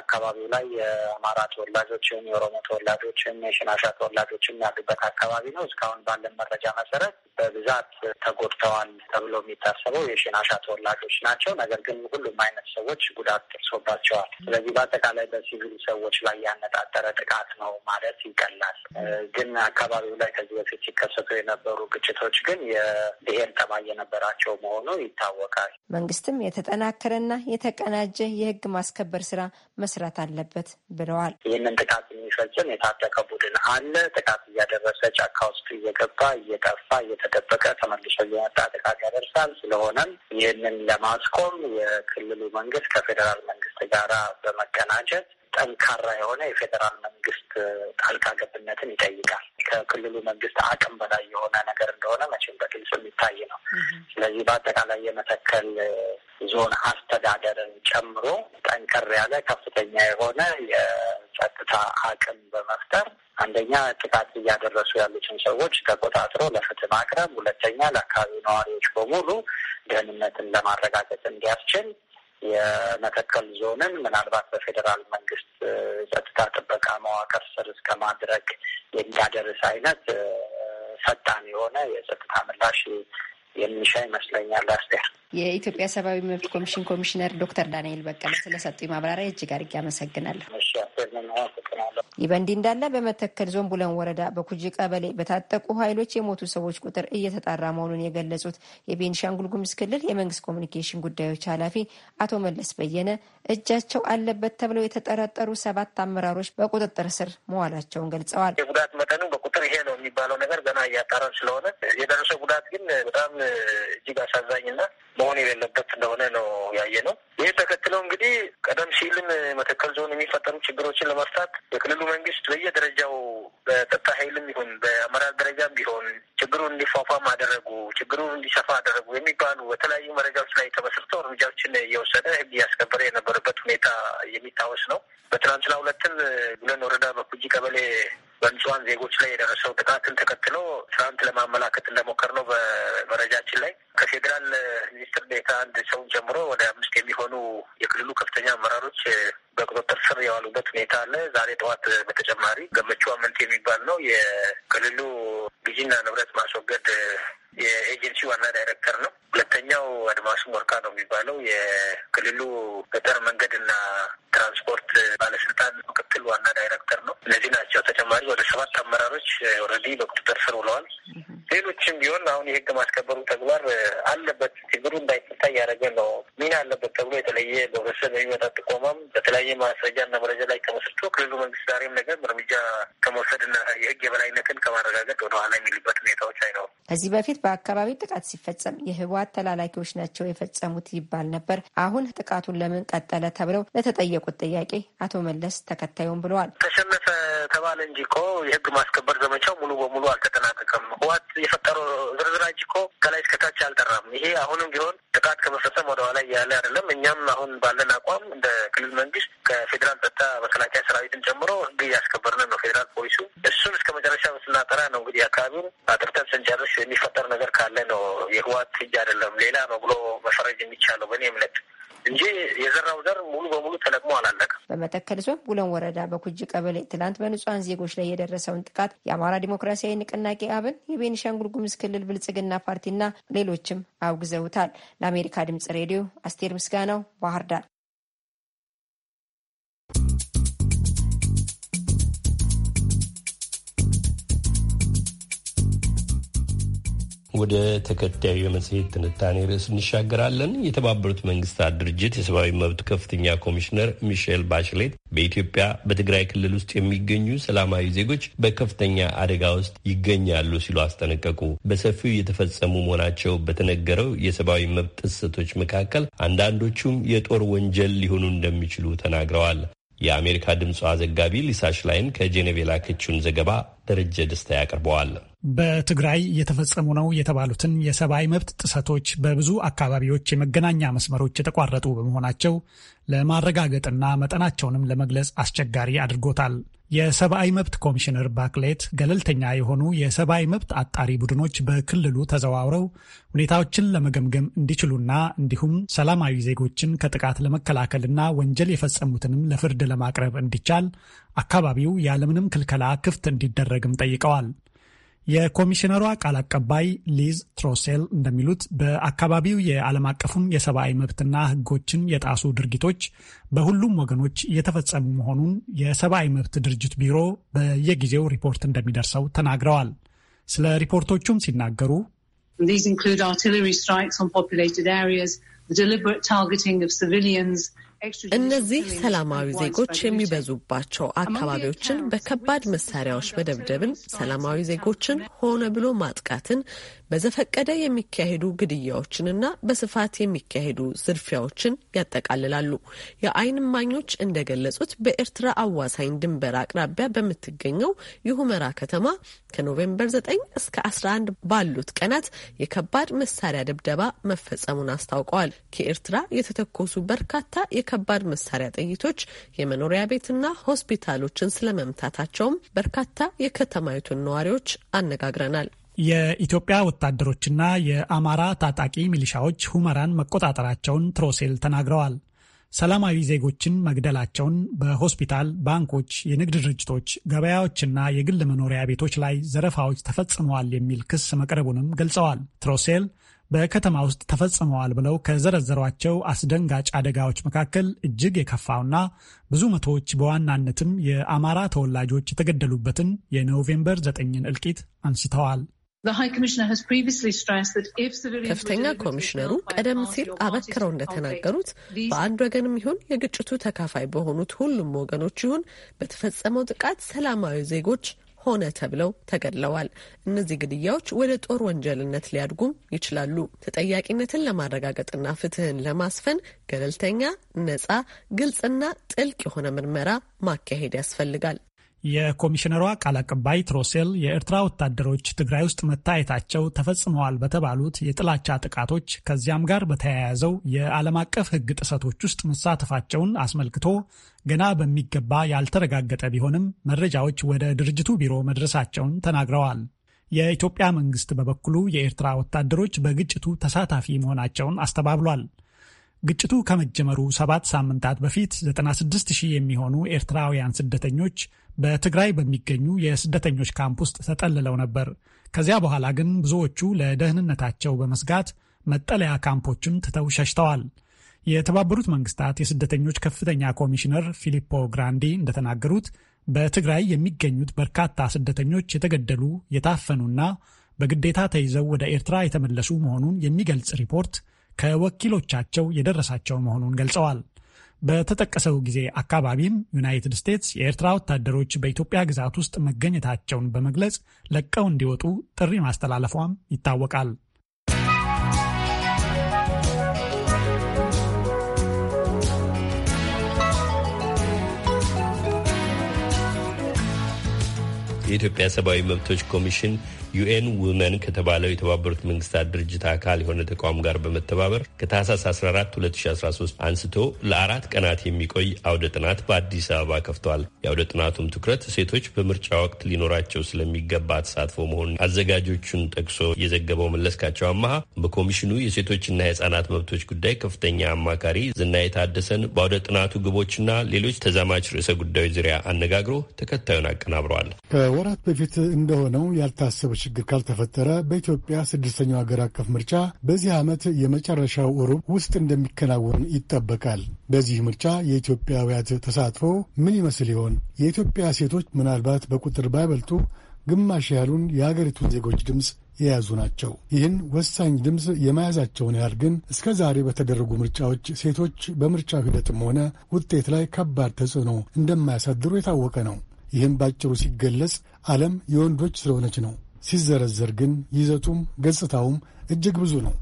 አካባቢው ላይ የአማራ ተወላጆችም የኦሮሞ ተወላጆችም የሽናሻ ተወላጆችም ያሉበት አካባቢ ነው። እስካሁን ባለን መረጃ መሰረት በብዛት ተጎድተዋል ተብሎ የሚታሰበው የሽናሻ ተወላጆች ናቸው። ነገር ግን ሁሉም አይነት ሰዎች ጉዳት ደርሶባቸዋል። ስለዚህ በአጠቃላይ በሲቪል ሰዎች ላይ ያነጣጠረ ጥቃት ነው ማለት ይቀላል። ግን አካባቢው ላይ ከዚህ በፊት ሲከሰቱ የነበሩ ግጭቶች ግን የብሔር ጠባይ የነበራቸው መሆኑ ይታወቃል። መንግስትም የተጠናከረና የተቀናጀ የህግ ማ የማስከበር ስራ መስራት አለበት ብለዋል። ይህንን ጥቃት የሚፈጽም የታጠቀ ቡድን አለ። ጥቃት እያደረሰ ጫካ ውስጥ እየገባ እየጠፋ እየተደበቀ ተመልሶ እየመጣ ጥቃት ያደርሳል። ስለሆነም ይህንን ለማስቆም የክልሉ መንግስት ከፌዴራል መንግስት ጋራ በመቀናጀት ጠንካራ የሆነ የፌዴራል መንግስት ጣልቃ ገብነትን ይጠይቃል። ከክልሉ መንግስት አቅም በላይ የሆነ ነገር እንደሆነ መቼም በግልጽ የሚታይ ነው። ስለዚህ በአጠቃላይ የመተከል ዞን አስተዳደርን ጨምሮ ጠንከር ያለ ከፍተኛ የሆነ የጸጥታ አቅም በመፍጠር አንደኛ ጥቃት እያደረሱ ያሉትን ሰዎች ተቆጣጥሮ ለፍትህ ማቅረብ፣ ሁለተኛ ለአካባቢው ነዋሪዎች በሙሉ ደህንነትን ለማረጋገጥ እንዲያስችል የመተከል ዞንን ምናልባት በፌዴራል መንግስት ጸጥታ ጥበቃ መዋቅር ስር እስከ ማድረግ የሚያደርስ አይነት ፈጣን የሆነ የጸጥታ ምላሽ የሚሻ ይመስለኛል አስቴር። የኢትዮጵያ ሰብአዊ መብት ኮሚሽን ኮሚሽነር ዶክተር ዳንኤል በቀለ ስለሰጡ ማብራሪያ እጅግ አድርጌ አመሰግናለሁ። ይህ በእንዲህ እንዳለ በመተከል ዞን ቡለን ወረዳ በኩጂ ቀበሌ በታጠቁ ኃይሎች የሞቱ ሰዎች ቁጥር እየተጣራ መሆኑን የገለጹት የቤንሻንጉል ጉምዝ ክልል የመንግስት ኮሚኒኬሽን ጉዳዮች ኃላፊ አቶ መለስ በየነ እጃቸው አለበት ተብለው የተጠረጠሩ ሰባት አመራሮች በቁጥጥር ስር መዋላቸውን ገልጸዋል። የጉዳት መጠኑ በቁጥር ይሄ ነው የሚባለው ነገር ገና እያጣራን ስለሆነ የደረሰው ጉዳት ግን በጣም እጅግ አሳዛኝና መሆን የሌለበት እንደሆነ ነው ያየ ነው። ይህ ተከትለው እንግዲህ ቀደም ሲልም መተከል ዞን የሚፈጠሩ ችግሮችን ለመፍታት የክልሉ መንግስት በየደረጃው በጸጥታ ኃይልም ይሁን በአመራር ደረጃም ቢሆን ችግሩ እንዲፏፏም አደረጉ፣ ችግሩ እንዲሰፋ አደረጉ የሚባሉ በተለያዩ መረጃዎች ላይ ተመስርቶ እርምጃዎችን እየወሰደ ህግ እያስከበረ የነበረበት ሁኔታ የሚታወስ ነው። በትናንትና ሁለትም ጉለን ወረዳ በኩጂ ቀበሌ በንጹሃን ዜጎች ላይ የደረሰው ጥቃትን ተከትሎ ትናንት ለማመላከት እንደሞከር ነው በመረጃችን ላይ ከፌዴራል ሚኒስትር ዴኤታ አንድ ሰውን ጀምሮ ወደ አምስት የሚሆኑ የክልሉ ከፍተኛ አመራሮች በቁጥጥር ስር የዋሉበት ሁኔታ አለ። ዛሬ ጠዋት በተጨማሪ ገመቹ አመንቴ የሚባል ነው የክልሉ ግዢና ንብረት ማስወገድ የኤጀንሲ ዋና ዳይሬክተር ነው። ሁለተኛው አድማሱ ወርካ ነው የሚባለው የክልሉ ገጠር መንገድና ትራንስፖርት ባለስልጣን ምክትል ዋና ዳይሬክተር ነው። እነዚህ ናቸው። ተጨማሪ ወደ ሰባት አመራሮች ኦልሬዲ በቁጥጥር ስር ውለዋል። ሌሎችም ቢሆን አሁን የህግ ማስከበሩ ተግባር አለበት ችግሩ እንዳይፈታ እያደረገ ነው። ሚና አለበት ተብሎ የተለየ በህብረተሰብ የሚመጣ ጥቆማም በተለያየ ማስረጃ እና መረጃ ላይ ተመስርቶ ክልሉ መንግስት ዛሬም ነገር እርምጃ ከመውሰድ ከመውሰድና የህግ የበላይነትን ከማረጋገጥ ወደኋላ የሚልበት ሁኔታዎች አይኖሩም። ከዚህ በፊት በአካባቢ ጥቃት ሲፈጸም የህወሓት ተላላኪዎች ናቸው የፈጸሙት ይባል ነበር። አሁን ጥቃቱን ለምን ቀጠለ ተብለው ለተጠየቁት ጥያቄ አቶ መለስ ተከታዩም ብለዋል። ተሸነፈ ተባለ እንጂ እኮ የህግ ማስከበር ዘመቻው ሙሉ በሙሉ አልተጠናቀቀም። ህወሓት የፈጠረው ዝርዝር እንጂ እኮ ከላይ እስከታች አልጠራም። ይሄ አሁንም ቢሆን ጥቃት ከመፈጸም ወደኋላ እያለ አይደለም። እኛም አሁን ባለን አቋም እንደ ክልል መንግስት ከፌዴራል ጸጥታ መከላከያ ሰራዊትን ጨምሮ ህግ እያስከበርን ነው። ፌዴራል ፖሊሱ እሱን እስከ መጨረሻ ስናጠራ ነው እንግዲህ አካባቢውን አጥርተን ስንጨርስ የሚፈጠር ነገር ካለ ነው የህወሓት እጅ አይደለም ሌላ ነው ብሎ መፈረጅ የሚቻለው በእኔ እምነት እንጂ የዘራው ዘር ሙሉ በሙሉ ተለቅሞ አላለቀም። በመተከል ዞን ቡለን ወረዳ በኩጅ ቀበሌ ትላንት በንጹሐን ዜጎች ላይ የደረሰውን ጥቃት የአማራ ዲሞክራሲያዊ ንቅናቄ አብን፣ የቤኒሻንጉል ጉሙዝ ክልል ብልጽግና ፓርቲና ሌሎችም አውግዘውታል። ለአሜሪካ ድምጽ ሬዲዮ አስቴር ምስጋናው ባህር ዳር ወደ ተከታዩ የመጽሔት ትንታኔ ርዕስ እንሻገራለን። የተባበሩት መንግስታት ድርጅት የሰብአዊ መብት ከፍተኛ ኮሚሽነር ሚሼል ባሽሌት በኢትዮጵያ በትግራይ ክልል ውስጥ የሚገኙ ሰላማዊ ዜጎች በከፍተኛ አደጋ ውስጥ ይገኛሉ ሲሉ አስጠነቀቁ። በሰፊው የተፈጸሙ መሆናቸው በተነገረው የሰብአዊ መብት ጥሰቶች መካከል አንዳንዶቹም የጦር ወንጀል ሊሆኑ እንደሚችሉ ተናግረዋል። የአሜሪካ ድምጿ ዘጋቢ ሊሳሽ ላይን ከጄኔቭ የላከችውን ዘገባ ደረጀ ደስታ ያቀርበዋል። በትግራይ እየተፈጸሙ ነው የተባሉትን የሰብአዊ መብት ጥሰቶች በብዙ አካባቢዎች የመገናኛ መስመሮች የተቋረጡ በመሆናቸው ለማረጋገጥና መጠናቸውንም ለመግለጽ አስቸጋሪ አድርጎታል። የሰብአዊ መብት ኮሚሽነር ባክሌት ገለልተኛ የሆኑ የሰብአዊ መብት አጣሪ ቡድኖች በክልሉ ተዘዋውረው ሁኔታዎችን ለመገምገም እንዲችሉና እንዲሁም ሰላማዊ ዜጎችን ከጥቃት ለመከላከልና ወንጀል የፈጸሙትንም ለፍርድ ለማቅረብ እንዲቻል አካባቢው ያለምንም ክልከላ ክፍት እንዲደረግም ጠይቀዋል። የኮሚሽነሯ ቃል አቀባይ ሊዝ ትሮሴል እንደሚሉት በአካባቢው የዓለም አቀፉን የሰብአዊ መብትና ሕጎችን የጣሱ ድርጊቶች በሁሉም ወገኖች እየተፈጸሙ መሆኑን የሰብአዊ መብት ድርጅት ቢሮ በየጊዜው ሪፖርት እንደሚደርሰው ተናግረዋል። ስለ ሪፖርቶቹም ሲናገሩ ሊዝ ኢንክሉድ አርቲለሪ ስትራይክስ ኦን ፖፑሌትድ አሪያስ deliberate targeting of civilians እነዚህ ሰላማዊ ዜጎች የሚበዙባቸው አካባቢዎችን በከባድ መሳሪያዎች መደብደብን፣ ሰላማዊ ዜጎችን ሆነ ብሎ ማጥቃትን፣ በዘፈቀደ የሚካሄዱ ግድያዎችንና በስፋት የሚካሄዱ ዝርፊያዎችን ያጠቃልላሉ። የአይን ማኞች እንደገለጹት በኤርትራ አዋሳኝ ድንበር አቅራቢያ በምትገኘው የሁመራ ከተማ ከኖቬምበር 9 እስከ 11 ባሉት ቀናት የከባድ መሳሪያ ድብደባ መፈጸሙን አስታውቀዋል። ከኤርትራ የተተኮሱ በርካታ የከባድ መሳሪያ ጥይቶች የመኖሪያ ቤትና ሆስፒታሎችን ስለመምታታቸውም በርካታ የከተማይቱን ነዋሪዎች አነጋግረናል። የኢትዮጵያ ወታደሮችና የአማራ ታጣቂ ሚሊሻዎች ሁመራን መቆጣጠራቸውን ትሮሴል ተናግረዋል። ሰላማዊ ዜጎችን መግደላቸውን በሆስፒታል፣ ባንኮች፣ የንግድ ድርጅቶች፣ ገበያዎችና የግል መኖሪያ ቤቶች ላይ ዘረፋዎች ተፈጽመዋል የሚል ክስ መቅረቡንም ገልጸዋል። ትሮሴል በከተማ ውስጥ ተፈጽመዋል ብለው ከዘረዘሯቸው አስደንጋጭ አደጋዎች መካከል እጅግ የከፋውና ብዙ መቶዎች በዋናነትም የአማራ ተወላጆች የተገደሉበትን የኖቬምበር ዘጠኝን እልቂት አንስተዋል። ከፍተኛ ኮሚሽነሩ ቀደም ሲል አበክረው እንደተናገሩት በአንድ ወገንም ይሁን የግጭቱ ተካፋይ በሆኑት ሁሉም ወገኖች ይሁን በተፈጸመው ጥቃት ሰላማዊ ዜጎች ሆነ ተብለው ተገድለዋል። እነዚህ ግድያዎች ወደ ጦር ወንጀልነት ሊያድጉም ይችላሉ። ተጠያቂነትን ለማረጋገጥና ፍትህን ለማስፈን ገለልተኛ፣ ነጻ፣ ግልጽና ጥልቅ የሆነ ምርመራ ማካሄድ ያስፈልጋል። የኮሚሽነሯ ቃል አቀባይ ትሮሴል የኤርትራ ወታደሮች ትግራይ ውስጥ መታየታቸው ተፈጽመዋል በተባሉት የጥላቻ ጥቃቶች ከዚያም ጋር በተያያዘው የዓለም አቀፍ ሕግ ጥሰቶች ውስጥ መሳተፋቸውን አስመልክቶ ገና በሚገባ ያልተረጋገጠ ቢሆንም መረጃዎች ወደ ድርጅቱ ቢሮ መድረሳቸውን ተናግረዋል። የኢትዮጵያ መንግስት በበኩሉ የኤርትራ ወታደሮች በግጭቱ ተሳታፊ መሆናቸውን አስተባብሏል። ግጭቱ ከመጀመሩ ሰባት ሳምንታት በፊት 96 ሺህ የሚሆኑ ኤርትራውያን ስደተኞች በትግራይ በሚገኙ የስደተኞች ካምፕ ውስጥ ተጠልለው ነበር። ከዚያ በኋላ ግን ብዙዎቹ ለደህንነታቸው በመስጋት መጠለያ ካምፖችን ትተው ሸሽተዋል። የተባበሩት መንግስታት የስደተኞች ከፍተኛ ኮሚሽነር ፊሊፖ ግራንዲ እንደተናገሩት በትግራይ የሚገኙት በርካታ ስደተኞች የተገደሉ፣ የታፈኑና በግዴታ ተይዘው ወደ ኤርትራ የተመለሱ መሆኑን የሚገልጽ ሪፖርት ከወኪሎቻቸው የደረሳቸው መሆኑን ገልጸዋል። በተጠቀሰው ጊዜ አካባቢም ዩናይትድ ስቴትስ የኤርትራ ወታደሮች በኢትዮጵያ ግዛት ውስጥ መገኘታቸውን በመግለጽ ለቀው እንዲወጡ ጥሪ ማስተላለፏም ይታወቃል። የኢትዮጵያ ሰብአዊ መብቶች ኮሚሽን ዩኤን ውመን ከተባለው የተባበሩት መንግስታት ድርጅት አካል የሆነ ተቋም ጋር በመተባበር ከታህሳስ 14 2013 አንስቶ ለአራት ቀናት የሚቆይ አውደ ጥናት በአዲስ አበባ ከፍቷል። የአውደ ጥናቱም ትኩረት ሴቶች በምርጫ ወቅት ሊኖራቸው ስለሚገባ ተሳትፎ መሆኑን አዘጋጆቹን ጠቅሶ የዘገበው መለስካቸው አማሃ በኮሚሽኑ የሴቶችና የህጻናት መብቶች ጉዳይ ከፍተኛ አማካሪ ዝናዬ ታደሰን በአውደ ጥናቱ ግቦችና ሌሎች ተዛማች ርዕሰ ጉዳዮች ዙሪያ አነጋግሮ ተከታዩን አቀናብረዋል። ከወራት በፊት እንደሆነው ያልታሰበ ችግር ካልተፈጠረ በኢትዮጵያ ስድስተኛው ሀገር አቀፍ ምርጫ በዚህ ዓመት የመጨረሻው እሩብ ውስጥ እንደሚከናወን ይጠበቃል። በዚህ ምርጫ የኢትዮጵያውያት ተሳትፎ ምን ይመስል ይሆን? የኢትዮጵያ ሴቶች ምናልባት በቁጥር ባይበልጡ ግማሽ ያሉን የአገሪቱን ዜጎች ድምፅ የያዙ ናቸው። ይህን ወሳኝ ድምፅ የመያዛቸውን ያህል ግን እስከ ዛሬ በተደረጉ ምርጫዎች ሴቶች በምርጫው ሂደትም ሆነ ውጤት ላይ ከባድ ተጽዕኖ እንደማያሳድሩ የታወቀ ነው። ይህም ባጭሩ ሲገለጽ ዓለም የወንዶች ስለሆነች ነው። ሲዘረዘር ግን ይዘቱም ገጽታውም እጅግ ብዙ ነው።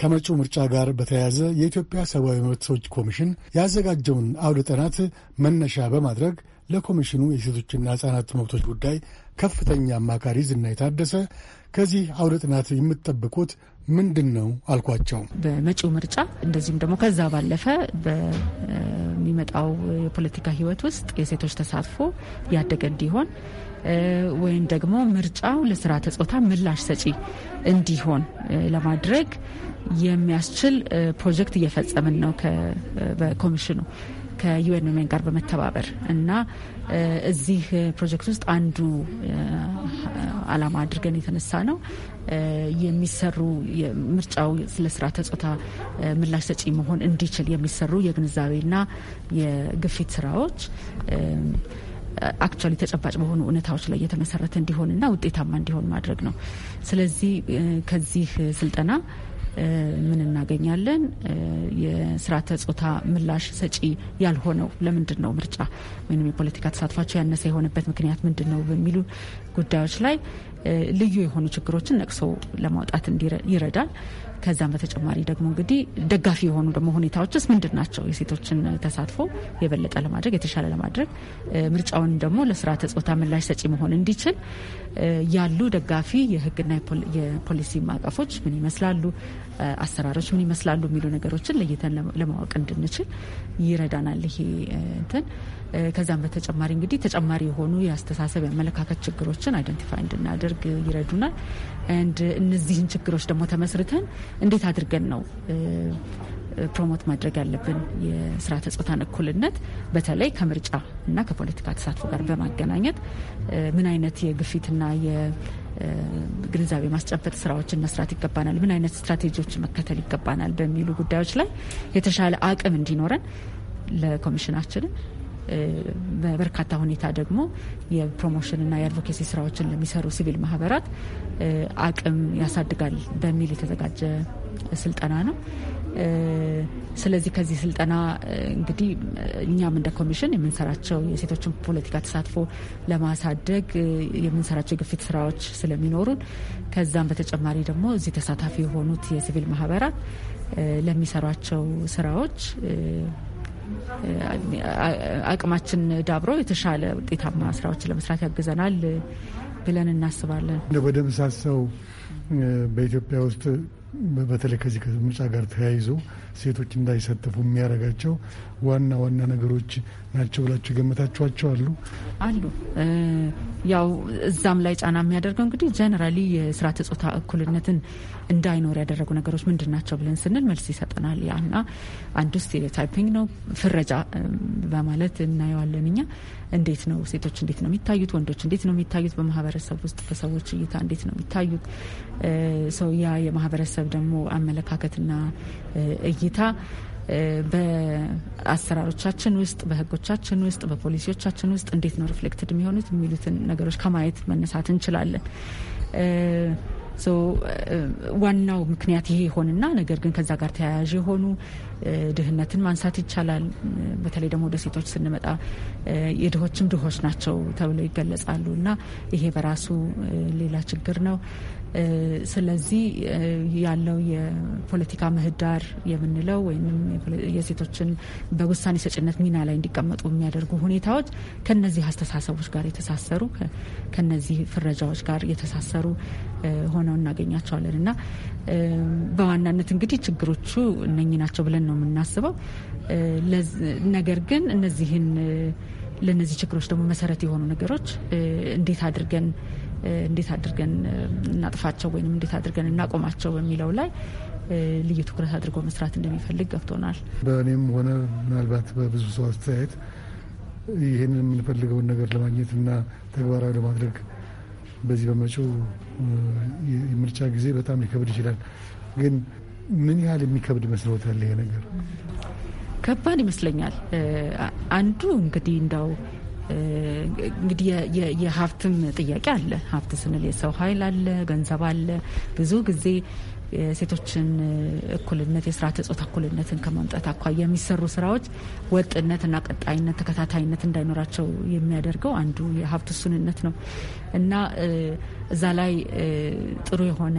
ከመጪው ምርጫ ጋር በተያያዘ የኢትዮጵያ ሰብአዊ መብቶች ኮሚሽን ያዘጋጀውን አውደ ጥናት መነሻ በማድረግ ለኮሚሽኑ የሴቶችና ሕፃናት መብቶች ጉዳይ ከፍተኛ አማካሪ ዝና ታደሰ ከዚህ አውደ ጥናት የምትጠብቁት ምንድን ነው አልኳቸው። በመጪው ምርጫ እንደዚሁም ደግሞ ከዛ ባለፈ በሚመጣው የፖለቲካ ህይወት ውስጥ የሴቶች ተሳትፎ ያደገ እንዲሆን ወይም ደግሞ ምርጫው ለስራ ተጾታ ምላሽ ሰጪ እንዲሆን ለማድረግ የሚያስችል ፕሮጀክት እየፈጸምን ነው በኮሚሽኑ ከዩኤን ዊሜን ጋር በመተባበር እና እዚህ ፕሮጀክት ውስጥ አንዱ አላማ አድርገን የተነሳ ነው የሚሰሩ ምርጫው ስለ ስርዓተ ጾታ ምላሽ ሰጪ መሆን እንዲችል የሚሰሩ የግንዛቤና የግፊት ስራዎች አክቹዋሊ ተጨባጭ በሆኑ እውነታዎች ላይ የተመሰረተ እንዲሆንና ውጤታማ እንዲሆን ማድረግ ነው። ስለዚህ ከዚህ ስልጠና ምን እናገኛለን? የስርዓተ ጾታ ምላሽ ሰጪ ያልሆነው ለምንድን ነው? ምርጫ ወይም የፖለቲካ ተሳትፏቸው ያነሰ የሆነበት ምክንያት ምንድን ነው? በሚሉ ጉዳዮች ላይ ልዩ የሆኑ ችግሮችን ነቅሶ ለማውጣት ይረዳል። ከዛም በተጨማሪ ደግሞ እንግዲህ ደጋፊ የሆኑ ደግሞ ሁኔታዎችስ ምንድን ናቸው? የሴቶችን ተሳትፎ የበለጠ ለማድረግ የተሻለ ለማድረግ ምርጫውን ደግሞ ለስርዓተ ጾታ ምላሽ ሰጪ መሆን እንዲችል ያሉ ደጋፊ የህግና የፖሊሲ ማዕቀፎች ምን ይመስላሉ? አሰራሮች ምን ይመስላሉ የሚሉ ነገሮችን ለይተን ለማወቅ እንድንችል ይረዳናል። ይሄ እንትን ከዚያም በተጨማሪ እንግዲህ ተጨማሪ የሆኑ የአስተሳሰብ የአመለካከት ችግሮችን አይደንቲፋይ እንድናደርግ ይረዱናል። እንድ እነዚህን ችግሮች ደግሞ ተመስርተን እንዴት አድርገን ነው ፕሮሞት ማድረግ ያለብን የስራ ተጽታን እኩልነት በተለይ ከምርጫ እና ከፖለቲካ ተሳትፎ ጋር በማገናኘት ምን አይነት የግፊትና ግንዛቤ ማስጨበጥ ስራዎችን መስራት ይገባናል፣ ምን አይነት ስትራቴጂዎችን መከተል ይገባናል በሚሉ ጉዳዮች ላይ የተሻለ አቅም እንዲኖረን ለኮሚሽናችንም በበርካታ ሁኔታ ደግሞ የፕሮሞሽንና የአድቮኬሲ ስራዎችን ለሚሰሩ ሲቪል ማህበራት አቅም ያሳድጋል በሚል የተዘጋጀ ስልጠና ነው። ስለዚህ ከዚህ ስልጠና እንግዲህ እኛም እንደ ኮሚሽን የምንሰራቸው የሴቶችን ፖለቲካ ተሳትፎ ለማሳደግ የምንሰራቸው የግፊት ስራዎች ስለሚኖሩን ከዛም በተጨማሪ ደግሞ እዚህ ተሳታፊ የሆኑት የሲቪል ማህበራት ለሚሰሯቸው ስራዎች አቅማችን ዳብሮ የተሻለ ውጤታማ ስራዎችን ለመስራት ያግዘናል ብለን እናስባለን። ወደ መሳሰው በኢትዮጵያ ውስጥ በተለይ ከዚህ ከምርጫ ጋር ተያይዞ ሴቶች እንዳይሳተፉ የሚያደርጋቸው ዋና ዋና ነገሮች ናቸው ብላችሁ የገመታችኋቸው አሉ አሉ? ያው እዛም ላይ ጫና የሚያደርገው እንግዲህ ጀነራሊ የስራ ተጾታ እኩልነትን እንዳይኖር ያደረጉ ነገሮች ምንድን ናቸው ብለን ስንል መልስ ይሰጠናል። ያና አንዱ ስቴሪዮታይፒንግ ነው፣ ፍረጃ በማለት እናየዋለን። እኛ እንዴት ነው ሴቶች እንዴት ነው የሚታዩት፣ ወንዶች እንዴት ነው የሚታዩት፣ በማህበረሰብ ውስጥ በሰዎች እይታ እንዴት ነው የሚታዩት። ሰው ያ የማህበረሰብ ደግሞ አመለካከትና እይታ በአሰራሮቻችን ውስጥ፣ በህጎቻችን ውስጥ፣ በፖሊሲዎቻችን ውስጥ እንዴት ነው ሪፍሌክትድ የሚሆኑት የሚሉትን ነገሮች ከማየት መነሳት እንችላለን። ዋናው ምክንያት ይሄ ይሆንና ነገር ግን ከዛ ጋር ተያያዥ የሆኑ ድህነትን ማንሳት ይቻላል። በተለይ ደግሞ ወደ ሴቶች ስንመጣ የድሆችም ድሆች ናቸው ተብለው ይገለጻሉ እና ይሄ በራሱ ሌላ ችግር ነው። ስለዚህ ያለው የፖለቲካ ምህዳር የምንለው ወይም የሴቶችን በውሳኔ ሰጭነት ሚና ላይ እንዲቀመጡ የሚያደርጉ ሁኔታዎች ከነዚህ አስተሳሰቦች ጋር የተሳሰሩ ከነዚህ ፍረጃዎች ጋር የተሳሰሩ ሆነው እናገኛቸዋለን እና በዋናነት እንግዲህ ችግሮቹ እነኚህ ናቸው ብለን ነው የምናስበው። ነገር ግን እነዚህን ለእነዚህ ችግሮች ደግሞ መሰረት የሆኑ ነገሮች እንዴት አድርገን እንዴት አድርገን እናጥፋቸው ወይም እንዴት አድርገን እናቆማቸው በሚለው ላይ ልዩ ትኩረት አድርጎ መስራት እንደሚፈልግ ገብቶናል። በእኔም ሆነ ምናልባት በብዙ ሰው አስተያየት ይህንን የምንፈልገውን ነገር ለማግኘት እና ተግባራዊ ለማድረግ በዚህ በመጪው የምርጫ ጊዜ በጣም ሊከብድ ይችላል። ግን ምን ያህል የሚከብድ ይመስሎታል ይሄ ነገር? ከባድ ይመስለኛል። አንዱ እንግዲህ እንደው እንግዲህ የሀብትም ጥያቄ አለ። ሀብት ስንል የሰው ኃይል አለ፣ ገንዘብ አለ። ብዙ ጊዜ የሴቶችን እኩልነት የስራ ጾታ እኩልነትን ከማምጣት አኳያ የሚሰሩ ስራዎች ወጥነትና ቀጣይነት ተከታታይነት እንዳይኖራቸው የሚያደርገው አንዱ የሀብት ውሱንነት ነው እና እዛ ላይ ጥሩ የሆነ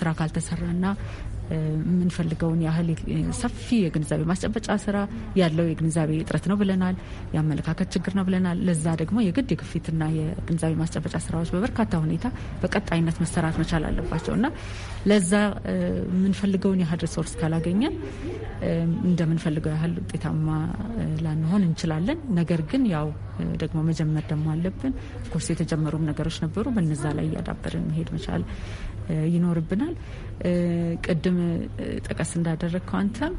ስራ ካልተሰራና የምንፈልገውን ያህል ሰፊ የግንዛቤ ማስጨበጫ ስራ ያለው የግንዛቤ እጥረት ነው ብለናል። የአመለካከት ችግር ነው ብለናል። ለዛ ደግሞ የግድ የግፊትና የግንዛቤ ማስጨበጫ ስራዎች በበርካታ ሁኔታ በቀጣይነት መሰራት መቻል አለባቸው እና ለዛ የምንፈልገውን ያህል ሪሶርስ ካላገኘን እንደምንፈልገው ያህል ውጤታማ ላንሆን እንችላለን። ነገር ግን ያው ደግሞ መጀመር ደግሞ አለብን። ኮርስ የተጀመሩም ነገሮች ነበሩ። በነዛ ላይ እያዳበርን መሄድ መቻል ይኖርብናል። ቅድም ጥቀስ እንዳደረግከው አንተም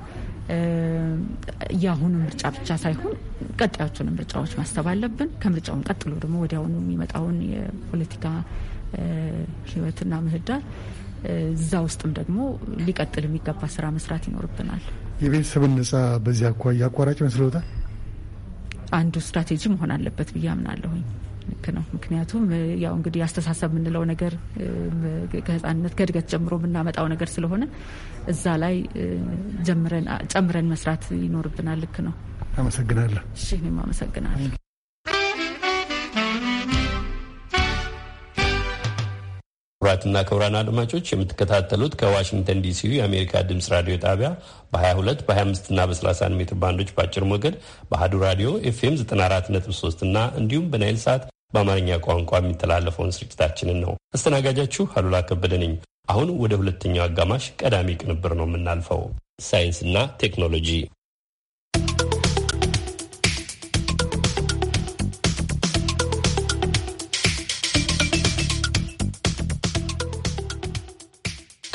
የአሁኑ ምርጫ ብቻ ሳይሆን ቀጣዮቹን ምርጫዎች ማሰብ አለብን። ከምርጫውን ቀጥሎ ደግሞ ወዲያውኑ የሚመጣውን የፖለቲካ ህይወትና ምህዳር እዛ ውስጥም ደግሞ ሊቀጥል የሚገባ ስራ መስራት ይኖርብናል። የቤተሰብን ነጻ በዚህ አኳያ አቋራጭ መስሎታል አንዱ ስትራቴጂ መሆን አለበት ብዬ አምናለሁኝ። ልክ ነው። ምክንያቱም ያው እንግዲህ አስተሳሰብ የምንለው ነገር ከህጻንነት ከእድገት ጀምሮ የምናመጣው ነገር ስለሆነ እዛ ላይ ጨምረን መስራት ይኖርብናል። ልክ ነው። አመሰግናለሁ። እሺ፣ እኔም አመሰግናለሁ። ክቡራትና ክቡራን አድማጮች የምትከታተሉት ከዋሽንግተን ዲሲ የአሜሪካ ድምጽ ራዲዮ ጣቢያ በ22 በ25 እና በ31 ሜትር ባንዶች በአጭር ሞገድ በአሀዱ ራዲዮ ኤፍኤም 94.3 እና እንዲሁም በናይል ሰዓት በአማርኛ ቋንቋ የሚተላለፈውን ስርጭታችንን ነው። አስተናጋጃችሁ አሉላ ከበደ ነኝ። አሁን ወደ ሁለተኛው አጋማሽ ቀዳሚ ቅንብር ነው የምናልፈው፣ ሳይንስና ቴክኖሎጂ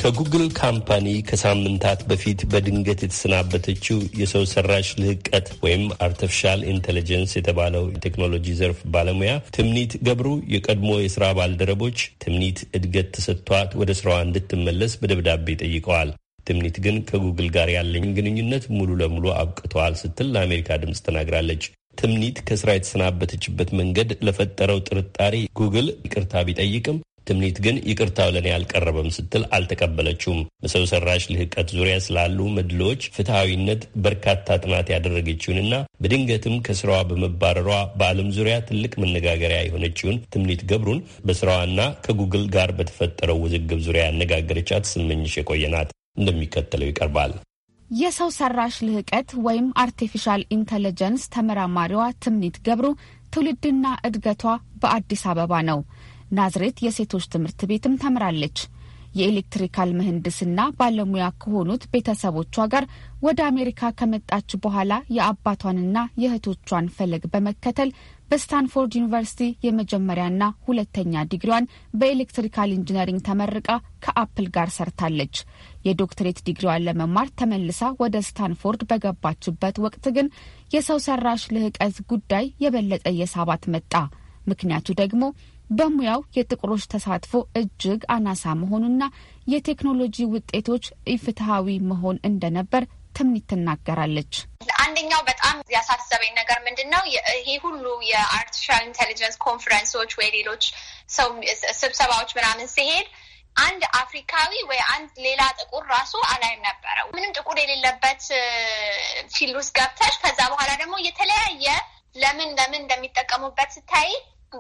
ከጉግል ካምፓኒ ከሳምንታት በፊት በድንገት የተሰናበተችው የሰው ሰራሽ ልህቀት ወይም አርቲፊሻል ኢንቴሊጀንስ የተባለው የቴክኖሎጂ ዘርፍ ባለሙያ ትምኒት ገብሩ የቀድሞ የስራ ባልደረቦች ትምኒት እድገት ተሰጥቷት ወደ ስራዋ እንድትመለስ በደብዳቤ ጠይቀዋል። ትምኒት ግን ከጉግል ጋር ያለኝ ግንኙነት ሙሉ ለሙሉ አብቅተዋል ስትል ለአሜሪካ ድምፅ ተናግራለች። ትምኒት ከስራ የተሰናበተችበት መንገድ ለፈጠረው ጥርጣሬ ጉግል ይቅርታ ቢጠይቅም ትምኒት ግን ይቅርታው ለእኔ አልቀረበም ስትል አልተቀበለችውም። በሰው ሰራሽ ልህቀት ዙሪያ ስላሉ መድሎዎች ፍትሐዊነት በርካታ ጥናት ያደረገችውንና በድንገትም ከስራዋ በመባረሯ በዓለም ዙሪያ ትልቅ መነጋገሪያ የሆነችውን ትምኒት ገብሩን በስራዋና ከጉግል ጋር በተፈጠረው ውዝግብ ዙሪያ ያነጋገረቻት ስመኝሽ የቆየናት እንደሚከተለው ይቀርባል። የሰው ሰራሽ ልህቀት ወይም አርቲፊሻል ኢንተለጀንስ ተመራማሪዋ ትምኒት ገብሩ ትውልድና እድገቷ በአዲስ አበባ ነው። ናዝሬት የሴቶች ትምህርት ቤትም ተምራለች። የኤሌክትሪካል ምህንድስና ባለሙያ ከሆኑት ቤተሰቦቿ ጋር ወደ አሜሪካ ከመጣች በኋላ የአባቷንና የእህቶቿን ፈለግ በመከተል በስታንፎርድ ዩኒቨርሲቲ የመጀመሪያና ሁለተኛ ዲግሪዋን በኤሌክትሪካል ኢንጂነሪንግ ተመርቃ ከአፕል ጋር ሰርታለች። የዶክትሬት ዲግሪዋን ለመማር ተመልሳ ወደ ስታንፎርድ በገባችበት ወቅት ግን የሰው ሰራሽ ልህቀት ጉዳይ የበለጠ የሳባት መጣ። ምክንያቱ ደግሞ በሙያው የጥቁሮች ተሳትፎ እጅግ አናሳ መሆኑና የቴክኖሎጂ ውጤቶች ኢፍትሐዊ መሆን እንደነበር ትምኒት ትናገራለች። አንደኛው በጣም ያሳሰበኝ ነገር ምንድን ነው? ይህ ሁሉ የአርቲፊሻል ኢንቴሊጀንስ ኮንፈረንሶች ወይ ሌሎች ሰው ስብሰባዎች ምናምን ሲሄድ አንድ አፍሪካዊ ወይ አንድ ሌላ ጥቁር ራሱ አላይም ነበረው። ምንም ጥቁር የሌለበት ፊልድ ውስጥ ገብተሽ ከዛ በኋላ ደግሞ የተለያየ ለምን ለምን እንደሚጠቀሙበት ስታይ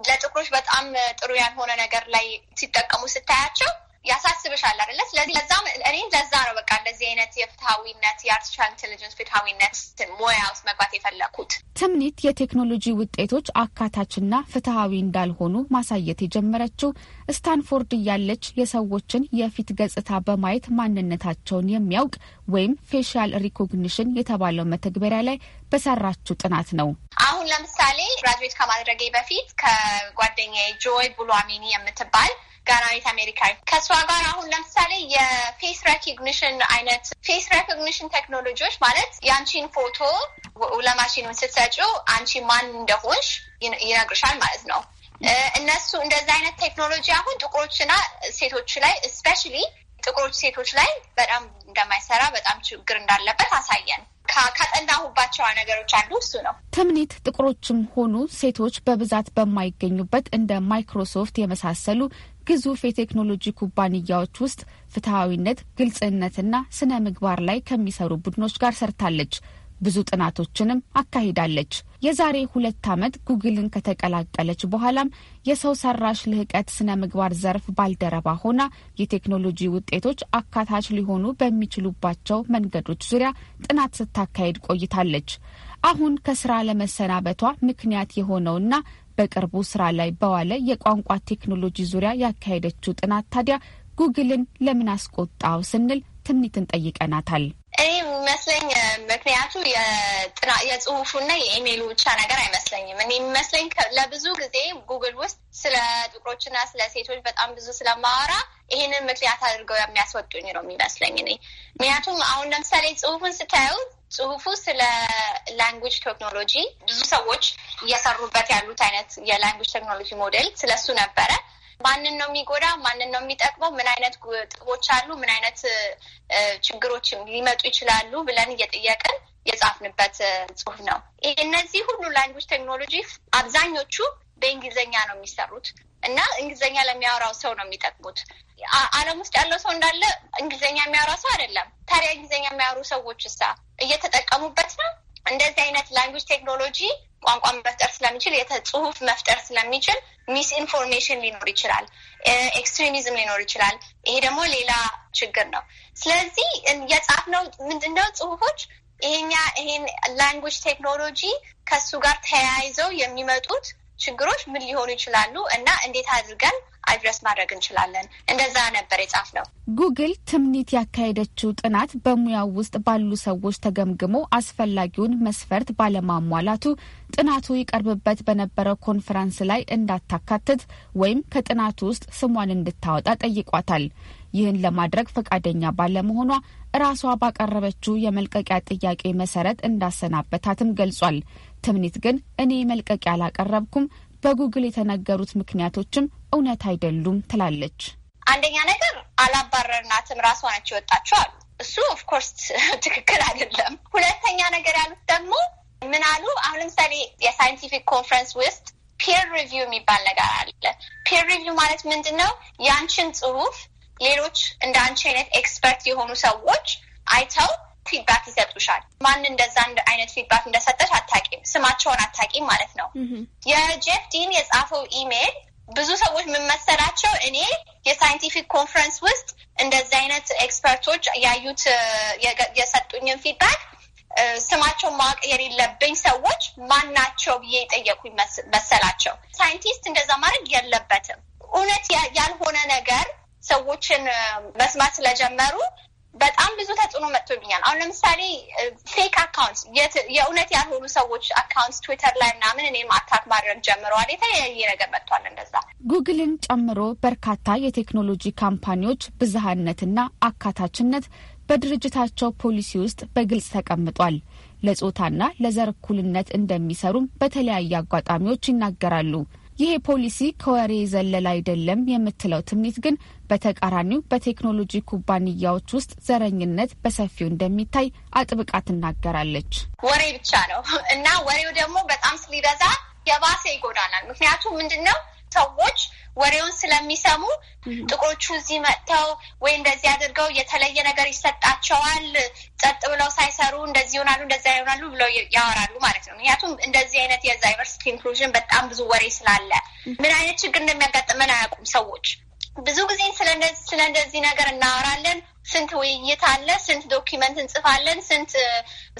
ለጥቁሮች በጣም ጥሩ ያልሆነ ነገር ላይ ሲጠቀሙ ስታያቸው ያሳስብሻል አይደለ? ስለዚህ ለዛም እኔም ለዛ ነው በቃ እንደዚህ አይነት የፍትሐዊነት የአርቲፊሻል ኢንቴሊጀንስ ፍትሐዊነት ሙያ ውስጥ መግባት የፈለኩት። ትምኒት የቴክኖሎጂ ውጤቶች አካታችና ፍትሐዊ እንዳልሆኑ ማሳየት የጀመረችው ስታንፎርድ እያለች የሰዎችን የፊት ገጽታ በማየት ማንነታቸውን የሚያውቅ ወይም ፌሻል ሪኮግኒሽን የተባለው መተግበሪያ ላይ በሰራችው ጥናት ነው። አሁን ለምሳሌ ግራጁዌት ከማድረጌ በፊት ከጓደኛዬ ጆይ ቡሏሚኒ የምትባል ጋናዊት አሜሪካዊ ከእሷ ጋር አሁን ለምሳሌ የፌስ ሬኮግኒሽን አይነት ፌስ ሬኮግኒሽን ቴክኖሎጂዎች ማለት የአንቺን ፎቶ ለማሽኑ ስትሰጪው አንቺ ማን እንደሆንሽ ይነግርሻል ማለት ነው። እነሱ እንደዚ አይነት ቴክኖሎጂ አሁን ጥቁሮችና ሴቶች ላይ ስፔሻሊ ጥቁሮች ሴቶች ላይ በጣም እንደማይሰራ በጣም ችግር እንዳለበት አሳየን። ካጠናሁባቸው ነገሮች አንዱ እሱ ነው። ትምኒት ጥቁሮችም ሆኑ ሴቶች በብዛት በማይገኙበት እንደ ማይክሮሶፍት የመሳሰሉ ግዙፍ የቴክኖሎጂ ኩባንያዎች ውስጥ ፍትሐዊነት፣ ግልጽነትና ስነ ምግባር ላይ ከሚሰሩ ቡድኖች ጋር ሰርታለች። ብዙ ጥናቶችንም አካሂዳለች። የዛሬ ሁለት ዓመት ጉግልን ከተቀላቀለች በኋላም የሰው ሰራሽ ልህቀት ስነ ምግባር ዘርፍ ባልደረባ ሆና የቴክኖሎጂ ውጤቶች አካታች ሊሆኑ በሚችሉባቸው መንገዶች ዙሪያ ጥናት ስታካሄድ ቆይታለች። አሁን ከስራ ለመሰናበቷ ምክንያት የሆነውና በቅርቡ ስራ ላይ በዋለ የቋንቋ ቴክኖሎጂ ዙሪያ ያካሄደችው ጥናት ታዲያ ጉግልን ለምን አስቆጣው ስንል ትምኒትን ጠይቀናታል። እኔ የሚመስለኝ ምክንያቱ የጽሁፉና የኢሜይሉ ብቻ ነገር አይመስለኝም። እኔ የሚመስለኝ ለብዙ ጊዜ ጉግል ውስጥ ስለ ጥቁሮችና ስለ ሴቶች በጣም ብዙ ስለማወራ ይሄንን ምክንያት አድርገው የሚያስወጡኝ ነው የሚመስለኝ እኔ ምክንያቱም አሁን ለምሳሌ ጽሁፉን ስታዩት ጽሁፉ ስለ ላንጉጅ ቴክኖሎጂ ብዙ ሰዎች እየሰሩበት ያሉት አይነት የላንጉጅ ቴክኖሎጂ ሞዴል ስለሱ ነበረ። ማንን ነው የሚጎዳ? ማንን ነው የሚጠቅመው? ምን አይነት ጥቦች አሉ? ምን አይነት ችግሮች ሊመጡ ይችላሉ? ብለን እየጠየቅን የጻፍንበት ጽሁፍ ነው። እነዚህ ሁሉ ላንጉጅ ቴክኖሎጂ አብዛኞቹ በእንግሊዝኛ ነው የሚሰሩት። እና እንግሊዝኛ ለሚያወራው ሰው ነው የሚጠቅሙት። ዓለም ውስጥ ያለው ሰው እንዳለ እንግሊዝኛ የሚያወራ ሰው አይደለም። ታዲያ እንግሊዝኛ የሚያወሩ ሰዎች እሳ እየተጠቀሙበት ነው። እንደዚህ አይነት ላንጉጅ ቴክኖሎጂ ቋንቋ መፍጠር ስለሚችል ጽሁፍ መፍጠር ስለሚችል ሚስ ኢንፎርሜሽን ሊኖር ይችላል፣ ኤክስትሪሚዝም ሊኖር ይችላል። ይሄ ደግሞ ሌላ ችግር ነው። ስለዚህ የጻፍነው ምንድነው ጽሁፎች ይሄኛ ይሄን ላንጉጅ ቴክኖሎጂ ከሱ ጋር ተያይዘው የሚመጡት ችግሮች ምን ሊሆኑ ይችላሉ እና እንዴት አድርገን አድረስ ማድረግ እንችላለን። እንደዛ ነበር የጻፍ ነው። ጉግል ትምኒት ያካሄደችው ጥናት በሙያው ውስጥ ባሉ ሰዎች ተገምግሞ አስፈላጊውን መስፈርት ባለማሟላቱ ጥናቱ ይቀርብበት በነበረው ኮንፈረንስ ላይ እንዳታካትት ወይም ከጥናቱ ውስጥ ስሟን እንድታወጣ ጠይቋታል። ይህን ለማድረግ ፈቃደኛ ባለመሆኗ ራሷ ባቀረበችው የመልቀቂያ ጥያቄ መሰረት እንዳሰናበታትም ገልጿል። ትምኒት ግን እኔ መልቀቂያ አላቀረብኩም፣ በጉግል የተነገሩት ምክንያቶችም እውነት አይደሉም ትላለች። አንደኛ ነገር አላባረርናትም፣ ራሷ ነች የወጣችው አሉ። እሱ ኦፍኮርስ [laughs] ትክክል አይደለም። ሁለተኛ ነገር ያሉት ደግሞ ምን አሉ? አሁን ለምሳሌ የሳይንቲፊክ ኮንፈረንስ ውስጥ ፒር ሪቪው የሚባል ነገር አለ። ፒር ሪቪው ማለት ምንድን ነው? የአንቺን ጽሁፍ ሌሎች እንደ አንቺ አይነት ኤክስፐርት የሆኑ ሰዎች አይተው ፊድባክ ይሰጡሻል። ማን እንደዛ አይነት ፊድባክ እንደሰጠሽ አታቂም፣ ስማቸውን አታቂም ማለት ነው። የጄፍ ዲን የጻፈው ኢሜይል ብዙ ሰዎች የምመሰላቸው እኔ የሳይንቲፊክ ኮንፈረንስ ውስጥ እንደዚህ አይነት ኤክስፐርቶች ያዩት የሰጡኝን ፊድባክ ስማቸውን ማወቅ የሌለብኝ ሰዎች ማናቸው ብዬ የጠየቁ መሰላቸው። ሳይንቲስት እንደዛ ማድረግ የለበትም። እውነት ያልሆነ ነገር ሰዎችን መስማት ስለጀመሩ በጣም ብዙ ተጽዕኖ መጥቶብኛል። አሁን ለምሳሌ ፌክ አካውንት፣ የእውነት ያልሆኑ ሰዎች አካውንት ትዊተር ላይ ምናምን እኔም አታክ ማድረግ ጀምረዋል። የተለያየ ነገር መጥቷል። እንደዛ ጉግልን ጨምሮ በርካታ የቴክኖሎጂ ካምፓኒዎች ብዝሃነትና አካታችነት በድርጅታቸው ፖሊሲ ውስጥ በግልጽ ተቀምጧል። ለጾታና ለዘር እኩልነት እንደሚሰሩም በተለያየ አጋጣሚዎች ይናገራሉ። ይሄ ፖሊሲ ከወሬ ዘለል አይደለም የምትለው ትምኒት ግን በተቃራኒው በቴክኖሎጂ ኩባንያዎች ውስጥ ዘረኝነት በሰፊው እንደሚታይ አጥብቃ ትናገራለች። ወሬ ብቻ ነው እና ወሬው ደግሞ በጣም ስሊበዛ የባሰ ይጎዳናል። ምክንያቱም ምንድን ነው ሰዎች ወሬውን ስለሚሰሙ ጥቁሮቹ እዚህ መጥተው ወይ እንደዚህ አድርገው የተለየ ነገር ይሰጣቸዋል፣ ጸጥ ብለው ሳይሰሩ እንደዚህ ይሆናሉ፣ እንደዚያ ይሆናሉ ብለው ያወራሉ ማለት ነው። ምክንያቱም እንደዚህ አይነት የዳይቨርሲቲ ኢንክሉዥን በጣም ብዙ ወሬ ስላለ ምን አይነት ችግር እንደሚያጋጥመን አያውቁም ሰዎች። ብዙ ጊዜ ስለ እንደዚህ ነገር እናወራለን። ስንት ውይይት አለ፣ ስንት ዶኪመንት እንጽፋለን፣ ስንት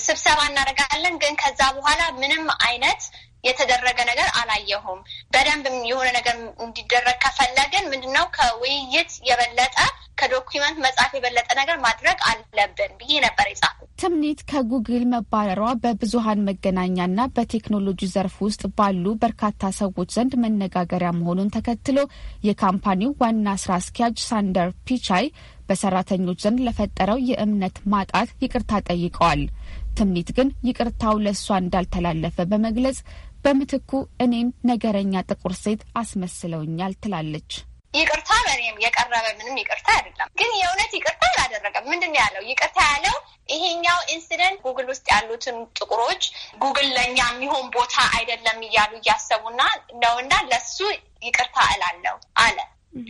ስብሰባ እናደርጋለን። ግን ከዛ በኋላ ምንም አይነት የተደረገ ነገር አላየሁም። በደንብ የሆነ ነገር እንዲደረግ ከፈለግን ምንድነው ከውይይት የበለጠ ከዶኪመንት መጽሐፍ የበለጠ ነገር ማድረግ አለብን ብዬ ነበር የጻፍኩት። ትምኒት ከጉግል መባረሯ በብዙሀን መገናኛና በቴክኖሎጂ ዘርፍ ውስጥ ባሉ በርካታ ሰዎች ዘንድ መነጋገሪያ መሆኑን ተከትሎ የካምፓኒው ዋና ስራ አስኪያጅ ሳንደር ፒቻይ በሰራተኞች ዘንድ ለፈጠረው የእምነት ማጣት ይቅርታ ጠይቀዋል። ትምኒት ግን ይቅርታው ለእሷ እንዳልተላለፈ በመግለጽ በምትኩ እኔን ነገረኛ ጥቁር ሴት አስመስለውኛል ትላለች። ይቅርታ በእኔም የቀረበ ምንም ይቅርታ አይደለም፣ ግን የእውነት ይቅርታ አላደረገም። ምንድን ያለው? ይቅርታ ያለው ይሄኛው ኢንሲደንት ጉግል ውስጥ ያሉትን ጥቁሮች ጉግል ለእኛ የሚሆን ቦታ አይደለም እያሉ እያሰቡና ነውና ለሱ ይቅርታ እላለው አለ።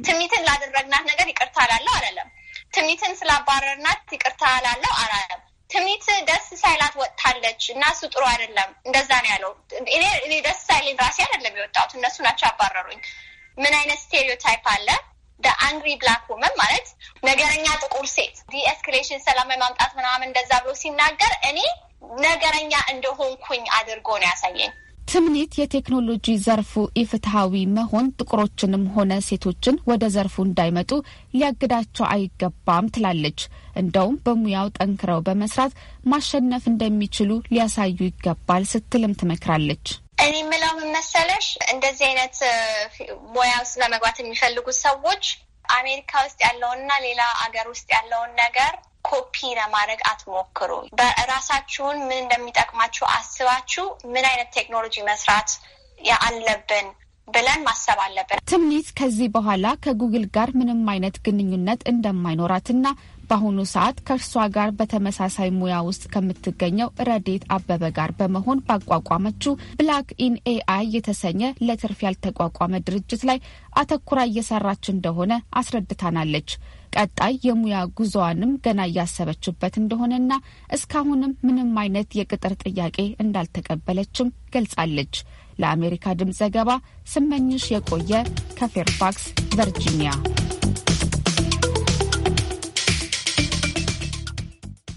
ትሚትን ላደረግናት ነገር ይቅርታ እላለሁ አላለም። ትሚትን ስላባረርናት ይቅርታ እላለሁ አላለም። ትምኒት ደስ ሳይላት ወጥታለች እና እሱ ጥሩ አይደለም እንደዛ ነው ያለው። እኔ ደስ ሳይለኝ ራሴ አይደለም የወጣሁት እነሱ ናቸው ያባረሩኝ። ምን አይነት ስቴሪዮታይፕ አለ? አንግሪ ብላክ ውመን ማለት ነገረኛ ጥቁር ሴት ዲኤስክሌሽን ሰላማዊ ማምጣት ምናምን እንደዛ ብሎ ሲናገር እኔ ነገረኛ እንደሆንኩኝ አድርጎ ነው ያሳየኝ። ትምኒት የቴክኖሎጂ ዘርፉ ኢፍትሐዊ መሆን ጥቁሮችንም ሆነ ሴቶችን ወደ ዘርፉ እንዳይመጡ ሊያግዳቸው አይገባም ትላለች። እንደውም በሙያው ጠንክረው በመስራት ማሸነፍ እንደሚችሉ ሊያሳዩ ይገባል ስትልም ትመክራለች። እኔ ምለው ምን መሰለሽ፣ እንደዚህ አይነት ሙያ ውስጥ ለመግባት የሚፈልጉ ሰዎች አሜሪካ ውስጥ ያለውንና ሌላ አገር ውስጥ ያለውን ነገር ኮፒ ለማድረግ አትሞክሩ። በራሳችሁን ምን እንደሚጠቅማችሁ አስባችሁ ምን አይነት ቴክኖሎጂ መስራት አለብን ብለን ማሰብ አለብን። ትምኒት ከዚህ በኋላ ከጉግል ጋር ምንም አይነት ግንኙነት እንደማይኖራትና በአሁኑ ሰዓት ከእርሷ ጋር በተመሳሳይ ሙያ ውስጥ ከምትገኘው ረዴት አበበ ጋር በመሆን ባቋቋመችው ብላክ ኢን ኤአይ የተሰኘ ለትርፍ ያልተቋቋመ ድርጅት ላይ አተኩራ እየሰራች እንደሆነ አስረድታናለች። ቀጣይ የሙያ ጉዞዋንም ገና እያሰበችበት እንደሆነና እስካሁንም ምንም አይነት የቅጥር ጥያቄ እንዳልተቀበለችም ገልጻለች። ለአሜሪካ ድምፅ ዘገባ ስመኝሽ የቆየ ከፌርፋክስ ቨርጂኒያ።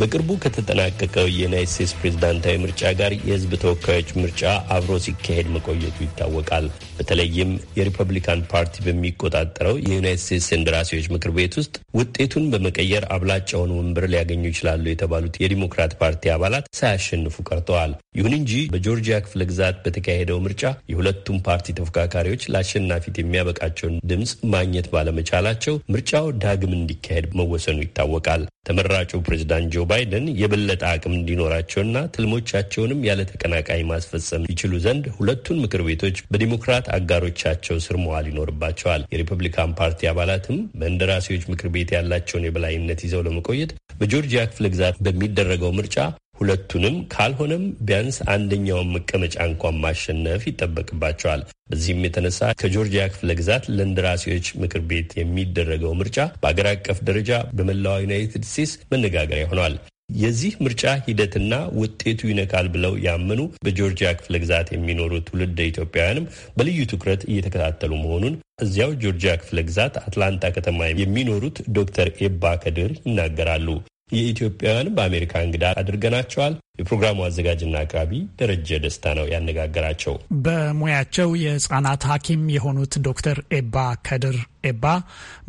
በቅርቡ ከተጠናቀቀው የዩናይት ስቴትስ ፕሬዝዳንታዊ ምርጫ ጋር የህዝብ ተወካዮች ምርጫ አብሮ ሲካሄድ መቆየቱ ይታወቃል። በተለይም የሪፐብሊካን ፓርቲ በሚቆጣጠረው የዩናይት ስቴትስ እንደራሴዎች ምክር ቤት ውስጥ ውጤቱን በመቀየር አብላጫውን ወንበር ሊያገኙ ይችላሉ የተባሉት የዲሞክራት ፓርቲ አባላት ሳያሸንፉ ቀርተዋል። ይሁን እንጂ በጆርጂያ ክፍለ ግዛት በተካሄደው ምርጫ የሁለቱም ፓርቲ ተፎካካሪዎች ለአሸናፊት የሚያበቃቸውን ድምፅ ማግኘት ባለመቻላቸው ምርጫው ዳግም እንዲካሄድ መወሰኑ ይታወቃል። ተመራጩ ፕሬዝዳንት ጆ ባይደን የበለጠ አቅም እንዲኖራቸውና ትልሞቻቸውንም ያለ ተቀናቃኝ ማስፈጸም ይችሉ ዘንድ ሁለቱን ምክር ቤቶች በዲሞክራት አጋሮቻቸው ስር መዋል ይኖርባቸዋል። የሪፐብሊካን ፓርቲ አባላትም በእንደራሴዎች ምክር ቤት ያላቸውን የበላይነት ይዘው ለመቆየት በጆርጂያ ክፍለ ግዛት በሚደረገው ምርጫ ሁለቱንም ካልሆነም ቢያንስ አንደኛውን መቀመጫ እንኳን ማሸነፍ ይጠበቅባቸዋል። በዚህም የተነሳ ከጆርጂያ ክፍለ ግዛት ለእንደራሴዎች ምክር ቤት የሚደረገው ምርጫ በአገር አቀፍ ደረጃ በመላዋ ዩናይትድ ስቴትስ መነጋገሪያ ሆኗል። የዚህ ምርጫ ሂደትና ውጤቱ ይነካል ብለው ያመኑ በጆርጂያ ክፍለ ግዛት የሚኖሩ ትውልደ ኢትዮጵያውያንም በልዩ ትኩረት እየተከታተሉ መሆኑን እዚያው ጆርጂያ ክፍለ ግዛት አትላንታ ከተማ የሚኖሩት ዶክተር ኤባ ከድር ይናገራሉ። የኢትዮጵያውያን በአሜሪካ እንግዳ አድርገናቸዋል። የፕሮግራሙ አዘጋጅና አቅራቢ ደረጀ ደስታ ነው ያነጋገራቸው። በሙያቸው የህጻናት ሐኪም የሆኑት ዶክተር ኤባ ከድር ኤባ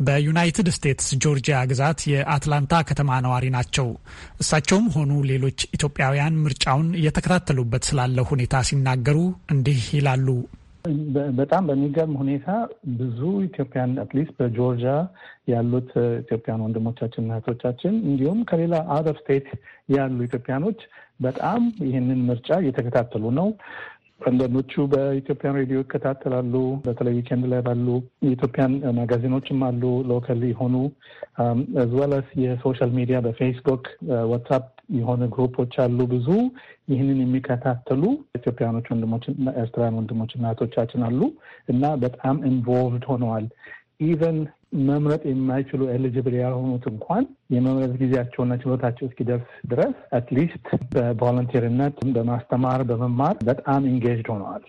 በዩናይትድ ስቴትስ ጆርጂያ ግዛት የአትላንታ ከተማ ነዋሪ ናቸው። እሳቸውም ሆኑ ሌሎች ኢትዮጵያውያን ምርጫውን እየተከታተሉበት ስላለው ሁኔታ ሲናገሩ እንዲህ ይላሉ። በጣም በሚገርም ሁኔታ ብዙ ኢትዮጵያን አትሊስት በጆርጂያ ያሉት ኢትዮጵያን ወንድሞቻችንና እህቶቻችን እንዲሁም ከሌላ አር ስቴት ያሉ ኢትዮጵያኖች በጣም ይህንን ምርጫ እየተከታተሉ ነው። ከንደኖቹ በኢትዮጵያን ሬዲዮ ይከታተላሉ። በተለይ ዊኬንድ ላይ ባሉ የኢትዮጵያን ማጋዚኖችም አሉ ሎካል የሆኑ ዝዋላስ የሶሻል ሚዲያ በፌስቡክ ዋትሳፕ የሆነ ግሩፖች አሉ ብዙ ይህንን የሚከታተሉ ኢትዮጵያኖች ወንድሞች፣ ኤርትራውያን ወንድሞች እናቶቻችን አሉ እና በጣም ኢንቮልቭድ ሆነዋል ኢቨን መምረጥ የማይችሉ ኤሊጅብል ያልሆኑት እንኳን የመምረጥ ጊዜያቸውና ችሎታቸው እስኪደርስ ድረስ አትሊስት በቮለንቲርነት በማስተማር በመማር በጣም ኢንጌጅድ ሆነዋል።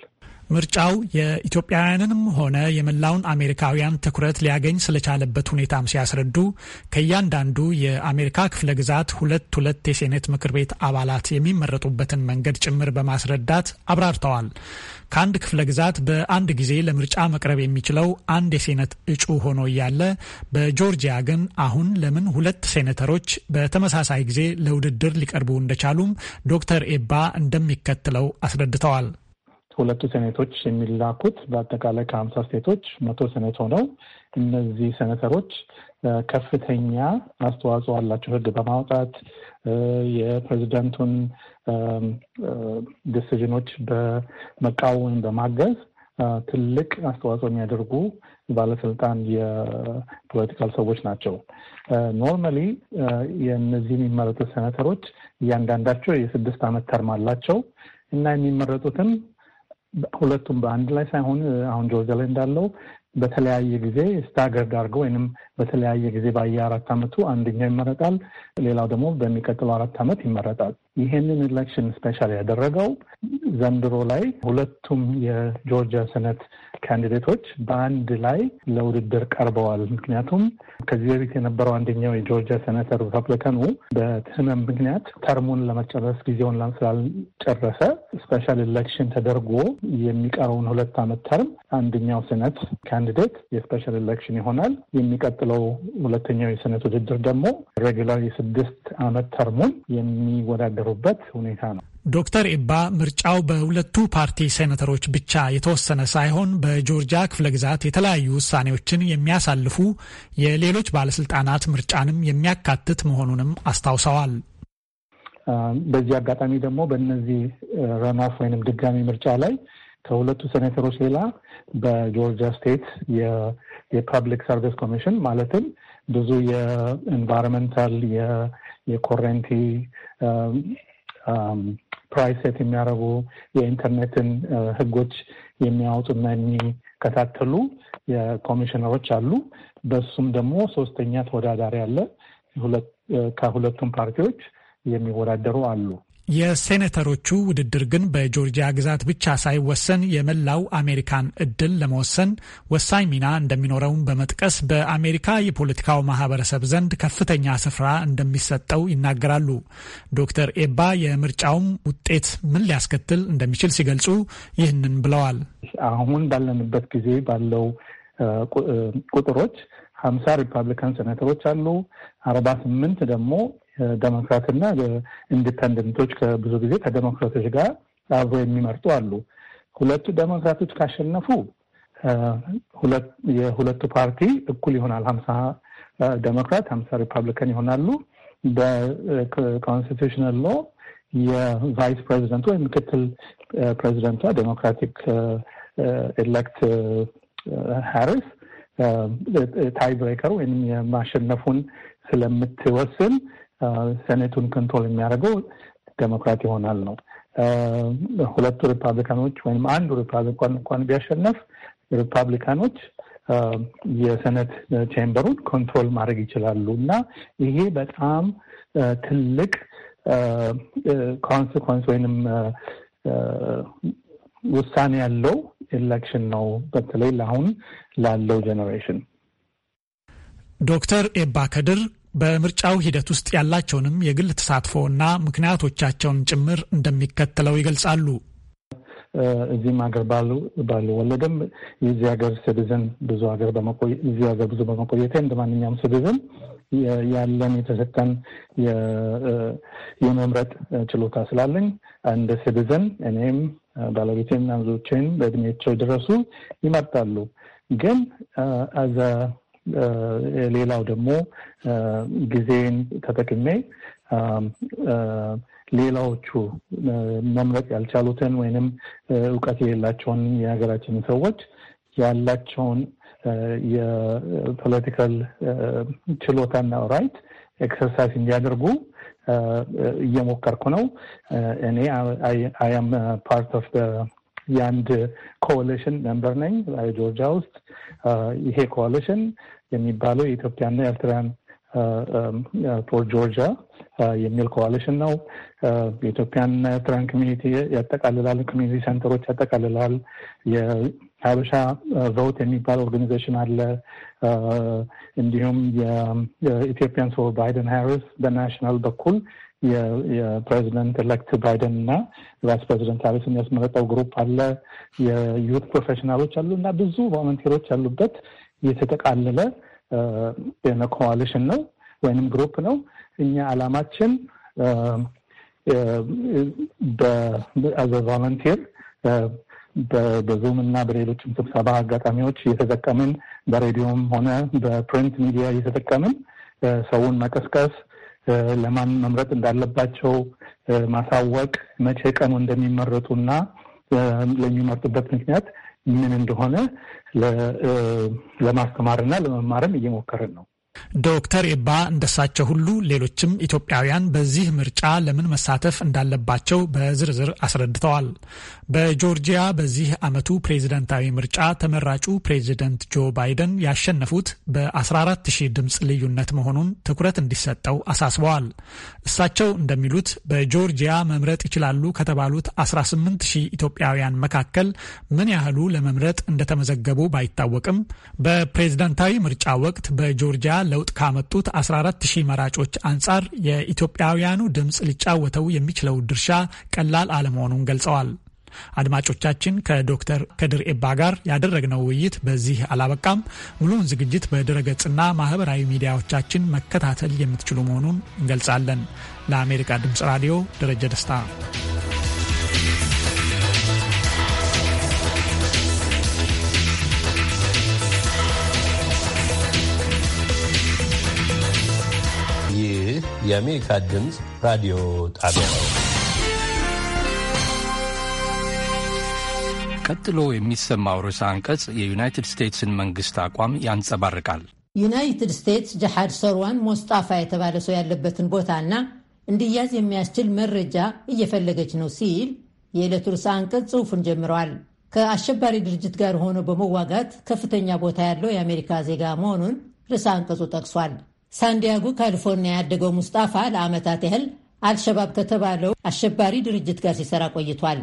ምርጫው የኢትዮጵያውያንንም ሆነ የመላውን አሜሪካውያን ትኩረት ሊያገኝ ስለቻለበት ሁኔታም ሲያስረዱ ከእያንዳንዱ የአሜሪካ ክፍለ ግዛት ሁለት ሁለት የሴኔት ምክር ቤት አባላት የሚመረጡበትን መንገድ ጭምር በማስረዳት አብራርተዋል። ከአንድ ክፍለ ግዛት በአንድ ጊዜ ለምርጫ መቅረብ የሚችለው አንድ የሴኔት እጩ ሆኖ እያለ በጆርጂያ ግን አሁን ለምን ሁለት ሴኔተሮች በተመሳሳይ ጊዜ ለውድድር ሊቀርቡ እንደቻሉም ዶክተር ኤባ እንደሚከትለው አስረድተዋል። ሁለቱ ሴኔቶች የሚላኩት በአጠቃላይ ከሀምሳ ስቴቶች መቶ ሴኔት ሆነው እነዚህ ሴኔተሮች ከፍተኛ አስተዋጽኦ አላቸው ህግ በማውጣት የፕሬዚደንቱን ዲሲዥኖች በመቃወም በማገዝ ትልቅ አስተዋጽኦ የሚያደርጉ ባለስልጣን የፖለቲካል ሰዎች ናቸው። ኖርማሊ የእነዚህ የሚመረጡት ሴኔተሮች እያንዳንዳቸው የስድስት ዓመት ተርም አላቸው እና የሚመረጡትም ሁለቱም በአንድ ላይ ሳይሆን አሁን ጆርጂያ ላይ እንዳለው በተለያየ ጊዜ ስታገርድ አድርገው ወይም በተለያየ ጊዜ በየ አራት ዓመቱ አንደኛው ይመረጣል፣ ሌላው ደግሞ በሚቀጥለው አራት ዓመት ይመረጣል። ይህንን ኤሌክሽን ስፔሻል ያደረገው ዘንድሮ ላይ ሁለቱም የጆርጂያ ሰነት ካንዲዴቶች በአንድ ላይ ለውድድር ቀርበዋል። ምክንያቱም ከዚህ በፊት የነበረው አንደኛው የጆርጂያ ሰነተር ሪፐብሊካኑ በህመም ምክንያት ተርሙን ለመጨረስ ጊዜውን ስላልጨረሰ ስፔሻል ኤሌክሽን ተደርጎ የሚቀረውን ሁለት ዓመት ተርም አንደኛው ሰነት ካንዲዴት የስፔሻል ኤሌክሽን ይሆናል። የሚቀጥለው ሁለተኛው የሰነት ውድድር ደግሞ ሬጉላር የስድስት ዓመት ተርሙን የሚወዳደ ያደሩበት ሁኔታ ነው። ዶክተር ኤባ ምርጫው በሁለቱ ፓርቲ ሴኔተሮች ብቻ የተወሰነ ሳይሆን በጆርጂያ ክፍለ ግዛት የተለያዩ ውሳኔዎችን የሚያሳልፉ የሌሎች ባለስልጣናት ምርጫንም የሚያካትት መሆኑንም አስታውሰዋል። በዚህ አጋጣሚ ደግሞ በእነዚህ ረኖፍ ወይንም ድጋሚ ምርጫ ላይ ከሁለቱ ሴኔተሮች ሌላ በጆርጂያ ስቴት የፐብሊክ ሰርቪስ ኮሚሽን ማለትም ብዙ የኢንቫይሮመንታል የኮረንቲ ፕራይሴት ሴት የሚያደርጉ የኢንተርኔትን ህጎች የሚያወጡና የሚከታተሉ የኮሚሽነሮች አሉ። በሱም ደግሞ ሶስተኛ ተወዳዳሪ አለ። ከሁለቱም ፓርቲዎች የሚወዳደሩ አሉ። የሴኔተሮቹ ውድድር ግን በጆርጂያ ግዛት ብቻ ሳይወሰን የመላው አሜሪካን እድል ለመወሰን ወሳኝ ሚና እንደሚኖረውን በመጥቀስ በአሜሪካ የፖለቲካው ማህበረሰብ ዘንድ ከፍተኛ ስፍራ እንደሚሰጠው ይናገራሉ። ዶክተር ኤባ የምርጫውም ውጤት ምን ሊያስከትል እንደሚችል ሲገልጹ ይህንን ብለዋል። አሁን ባለንበት ጊዜ ባለው ቁጥሮች ሀምሳ ሪፐብሊካን ሴኔተሮች አሉ። አርባ ስምንት ደግሞ ዴሞክራትና ኢንዲፐንደንቶች ብዙ ጊዜ ከዴሞክራቶች ጋር አብሮ የሚመርጡ አሉ። ሁለቱ ዴሞክራቶች ካሸነፉ የሁለቱ ፓርቲ እኩል ይሆናል። ሀምሳ ዴሞክራት ሀምሳ ሪፐብሊካን ይሆናሉ። በኮንስቲቱሽናል ሎ የቫይስ ፕሬዚደንቱ ወይም ምክትል ፕሬዚደንቷ ዴሞክራቲክ ኤሌክት ሃሪስ ታይ ብሬከር ወይም የማሸነፉን ስለምትወስን ሴኔቱን ኮንትሮል የሚያደርገው ዴሞክራት ይሆናል ነው። ሁለቱ ሪፐብሊካኖች ወይም አንዱ ሪፐብሊካን እንኳን ቢያሸነፍ ሪፐብሊካኖች የሰነት ቼምበሩን ኮንትሮል ማድረግ ይችላሉ እና ይሄ በጣም ትልቅ ኮንስኮንስ ወይንም ውሳኔ ያለው ኤሌክሽን ነው፣ በተለይ ለአሁን ላለው ጀኔሬሽን። ዶክተር ኤባ ከድር በምርጫው ሂደት ውስጥ ያላቸውንም የግል ተሳትፎ እና ምክንያቶቻቸውን ጭምር እንደሚከተለው ይገልጻሉ። እዚህም ሀገር ባሉ ባሉ ወለደም የዚህ ሀገር ሲቲዝን ብዙ ሀገር እዚህ ሀገር ብዙ በመቆየቴ እንደ ማንኛውም ሲቲዝን ያለን የተሰጠን የመምረጥ ችሎታ ስላለኝ እንደ ሲቲዝን እኔም ባለቤቴም እና ልጆቼም በእድሜያቸው ድረሱ ይመርጣሉ ግን አዛ ሌላው ደግሞ ጊዜን ተጠቅሜ ሌላዎቹ መምረጥ ያልቻሉትን ወይንም እውቀት የሌላቸውን የሀገራችንን ሰዎች ያላቸውን የፖለቲካል ችሎታና ራይት ኤክሰርሳይዝ እንዲያደርጉ እየሞከርኩ ነው። እኔ አይ ፓርት ኦፍ የአንድ ኮሊሽን ሜምበር ነኝ ጆርጂያ ውስጥ ይሄ ኮዋሊሽን የሚባለው የኢትዮጵያና ኤርትራን ፎር ጆርጂያ የሚል ኮዋሊሽን ነው። የኢትዮጵያና ኤርትራን ኮሚኒቲ ያጠቃልላል። ኮሚኒቲ ሴንተሮች ያጠቃልላል። የሀበሻ ቮት የሚባል ኦርጋኒዜሽን አለ። እንዲሁም የኢትዮጵያን ፎር ባይደን ሃሪስ በናሽናል በኩል የፕሬዚደንት ኤሌክት ባይደን እና ቫይስ ፕሬዚደንት ሃሪስ ያስመረጠው ግሩፕ አለ፣ የዩት ፕሮፌሽናሎች አሉ እና ብዙ ቮለንቲሮች ያሉበት የተጠቃለለ ኮዋሊሽን ነው ወይንም ግሩፕ ነው። እኛ አላማችን አዘ ቮለንቲር በዙም እና በሌሎችም ስብሰባ አጋጣሚዎች እየተጠቀምን በሬዲዮም ሆነ በፕሪንት ሚዲያ እየተጠቀምን ሰውን መቀስቀስ ለማን መምረጥ እንዳለባቸው ማሳወቅ፣ መቼ ቀኑ እንደሚመረጡ እና ለሚመርጡበት ምክንያት ምን እንደሆነ ለማስተማርና ለመማርም እየሞከርን ነው። ዶክተር ኤባ እንደሳቸው ሁሉ ሌሎችም ኢትዮጵያውያን በዚህ ምርጫ ለምን መሳተፍ እንዳለባቸው በዝርዝር አስረድተዋል። በጆርጂያ በዚህ ዓመቱ ፕሬዝደንታዊ ምርጫ ተመራጩ ፕሬዝደንት ጆ ባይደን ያሸነፉት በ14 ሺህ ድምፅ ልዩነት መሆኑን ትኩረት እንዲሰጠው አሳስበዋል። እሳቸው እንደሚሉት በጆርጂያ መምረጥ ይችላሉ ከተባሉት 18 ሺህ ኢትዮጵያውያን መካከል ምን ያህሉ ለመምረጥ እንደተመዘገቡ ባይታወቅም በፕሬዝደንታዊ ምርጫ ወቅት በጆርጂያ ለውጥ ካመጡት 140 መራጮች አንጻር የኢትዮጵያውያኑ ድምፅ ሊጫወተው የሚችለው ድርሻ ቀላል አለመሆኑን ገልጸዋል። አድማጮቻችን ከዶክተር ከድር ኤባ ጋር ያደረግነው ውይይት በዚህ አላበቃም። ሙሉውን ዝግጅት በድረገጽና ማህበራዊ ሚዲያዎቻችን መከታተል የምትችሉ መሆኑን እንገልጻለን። ለአሜሪካ ድምፅ ራዲዮ ደረጀ ደስታ የአሜሪካ ድምፅ ራዲዮ ጣቢያ ነው። ቀጥሎ የሚሰማው ርዕሰ አንቀጽ የዩናይትድ ስቴትስን መንግስት አቋም ያንጸባርቃል። ዩናይትድ ስቴትስ ጀሓድ ሰርዋን ሞስጣፋ የተባለ ሰው ያለበትን ቦታና እንዲያዝ የሚያስችል መረጃ እየፈለገች ነው ሲል የዕለቱ ርዕሰ አንቀጽ ጽሑፉን ጀምረዋል። ከአሸባሪ ድርጅት ጋር ሆኖ በመዋጋት ከፍተኛ ቦታ ያለው የአሜሪካ ዜጋ መሆኑን ርዕሰ አንቀጹ ጠቅሷል። ሳንዲያጎ ካሊፎርኒያ ያደገው ሙስጣፋ ለዓመታት ያህል አልሸባብ ከተባለው አሸባሪ ድርጅት ጋር ሲሰራ ቆይቷል።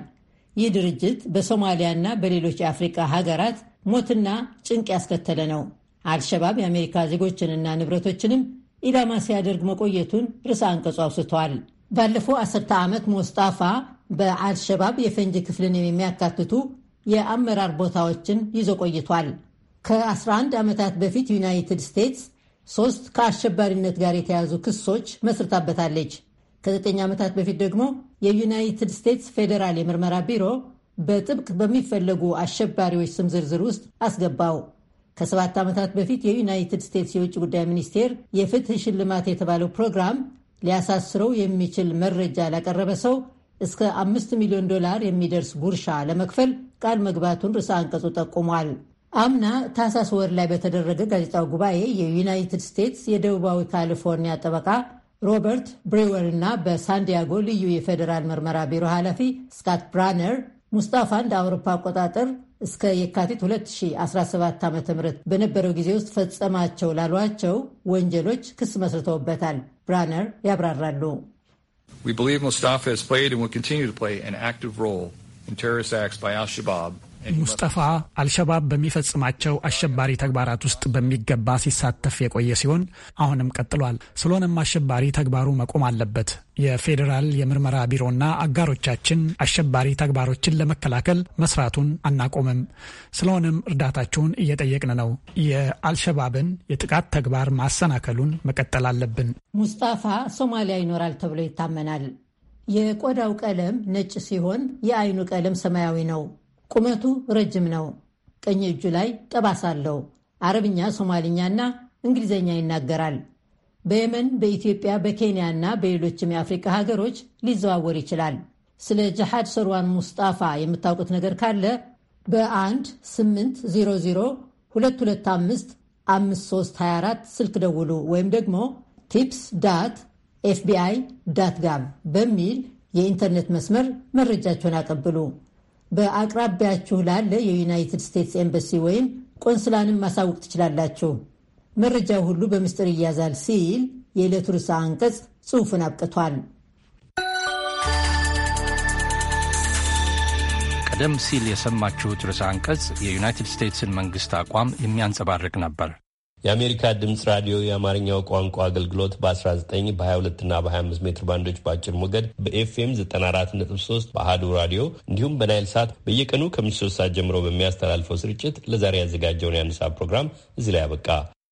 ይህ ድርጅት በሶማሊያና በሌሎች የአፍሪካ ሀገራት ሞትና ጭንቅ ያስከተለ ነው። አልሸባብ የአሜሪካ ዜጎችንና ንብረቶችንም ኢላማ ሲያደርግ መቆየቱን ርዕሰ አንቀጹ አውስተዋል። ባለፈው አስርተ ዓመት ሙስጣፋ በአልሸባብ የፈንጂ ክፍልን የሚያካትቱ የአመራር ቦታዎችን ይዞ ቆይቷል። ከ11 ዓመታት በፊት ዩናይትድ ስቴትስ ሶስት ከአሸባሪነት ጋር የተያዙ ክሶች መስርታበታለች። ከዘጠኝ ዓመታት በፊት ደግሞ የዩናይትድ ስቴትስ ፌዴራል የምርመራ ቢሮ በጥብቅ በሚፈለጉ አሸባሪዎች ስም ዝርዝር ውስጥ አስገባው። ከሰባት ዓመታት በፊት የዩናይትድ ስቴትስ የውጭ ጉዳይ ሚኒስቴር የፍትህ ሽልማት የተባለው ፕሮግራም ሊያሳስረው የሚችል መረጃ ላቀረበ ሰው እስከ አምስት ሚሊዮን ዶላር የሚደርስ ጉርሻ ለመክፈል ቃል መግባቱን ርዕሰ አንቀጹ ጠቁሟል። አምና ታህሳስ ወር ላይ በተደረገ ጋዜጣዊ ጉባኤ የዩናይትድ ስቴትስ የደቡባዊ ካሊፎርኒያ ጠበቃ ሮበርት ብሬወር እና በሳንዲያጎ ልዩ የፌዴራል ምርመራ ቢሮ ኃላፊ ስካት ብራነር ሙስጣፋ እንደ አውሮፓ አቆጣጠር እስከ የካቲት 2017 ዓ ም በነበረው ጊዜ ውስጥ ፈጸማቸው ላሏቸው ወንጀሎች ክስ መስርተውበታል። ብራነር ያብራራሉ። ሙስጣፋ ሙስጠፋ አልሸባብ በሚፈጽማቸው አሸባሪ ተግባራት ውስጥ በሚገባ ሲሳተፍ የቆየ ሲሆን አሁንም ቀጥሏል። ስለሆነም አሸባሪ ተግባሩ መቆም አለበት። የፌዴራል የምርመራ ቢሮና አጋሮቻችን አሸባሪ ተግባሮችን ለመከላከል መስራቱን አናቆምም። ስለሆነም እርዳታችሁን እየጠየቅን ነው። የአልሸባብን የጥቃት ተግባር ማሰናከሉን መቀጠል አለብን። ሙስጣፋ ሶማሊያ ይኖራል ተብሎ ይታመናል። የቆዳው ቀለም ነጭ ሲሆን የአይኑ ቀለም ሰማያዊ ነው። ቁመቱ ረጅም ነው። ቀኝ እጁ ላይ ጠባሳ አለው። አረብኛ፣ ሶማሊኛና እንግሊዝኛ ይናገራል። በየመን፣ በኢትዮጵያ፣ በኬንያ እና በሌሎችም የአፍሪካ ሀገሮች ሊዘዋወር ይችላል። ስለ ጀሃድ ሰርዋን ሙስጣፋ የምታውቁት ነገር ካለ በ1 800 ስልክ ደውሉ ወይም ደግሞ ቲፕስ ዳት ኤፍቢአይ ዳት ጋቭ በሚል የኢንተርኔት መስመር መረጃቸውን አቀብሉ። በአቅራቢያችሁ ላለ የዩናይትድ ስቴትስ ኤምበሲ ወይም ቆንስላንም ማሳወቅ ትችላላችሁ። መረጃው ሁሉ በምስጢር ይያዛል ሲል የዕለቱ ርዕሰ አንቀጽ ጽሁፍን አብቅቷል። ቀደም ሲል የሰማችሁት ርዕሰ አንቀጽ የዩናይትድ ስቴትስን መንግሥት አቋም የሚያንጸባርቅ ነበር። የአሜሪካ ድምፅ ራዲዮ የአማርኛው ቋንቋ አገልግሎት በ19 በ22 እና በ25 ሜትር ባንዶች በአጭር ሞገድ በኤፍኤም 943 በአህዱ ራዲዮ እንዲሁም በናይል ሳት በየቀኑ ከምሽቱ ሶስት ሰዓት ጀምሮ በሚያስተላልፈው ስርጭት ለዛሬ ያዘጋጀውን የአንድ ፕሮግራም እዚህ ላይ ያበቃ።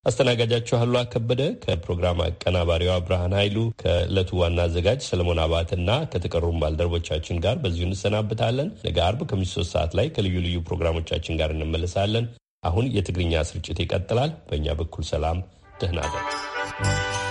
አስተናጋጃችሁ አሉላ አከበደ ከፕሮግራም አቀናባሪዋ ብርሃን ኃይሉ ከዕለቱ ዋና አዘጋጅ ሰለሞን አባትና ከተቀሩም ባልደረቦቻችን ጋር በዚሁ እንሰናብታለን። ነገ አርብ ከምሽቱ ሶስት ሰዓት ላይ ከልዩ ልዩ ፕሮግራሞቻችን ጋር እንመለሳለን። አሁን የትግርኛ ስርጭት ይቀጥላል። በእኛ በኩል ሰላም፣ ደህና እደሩ።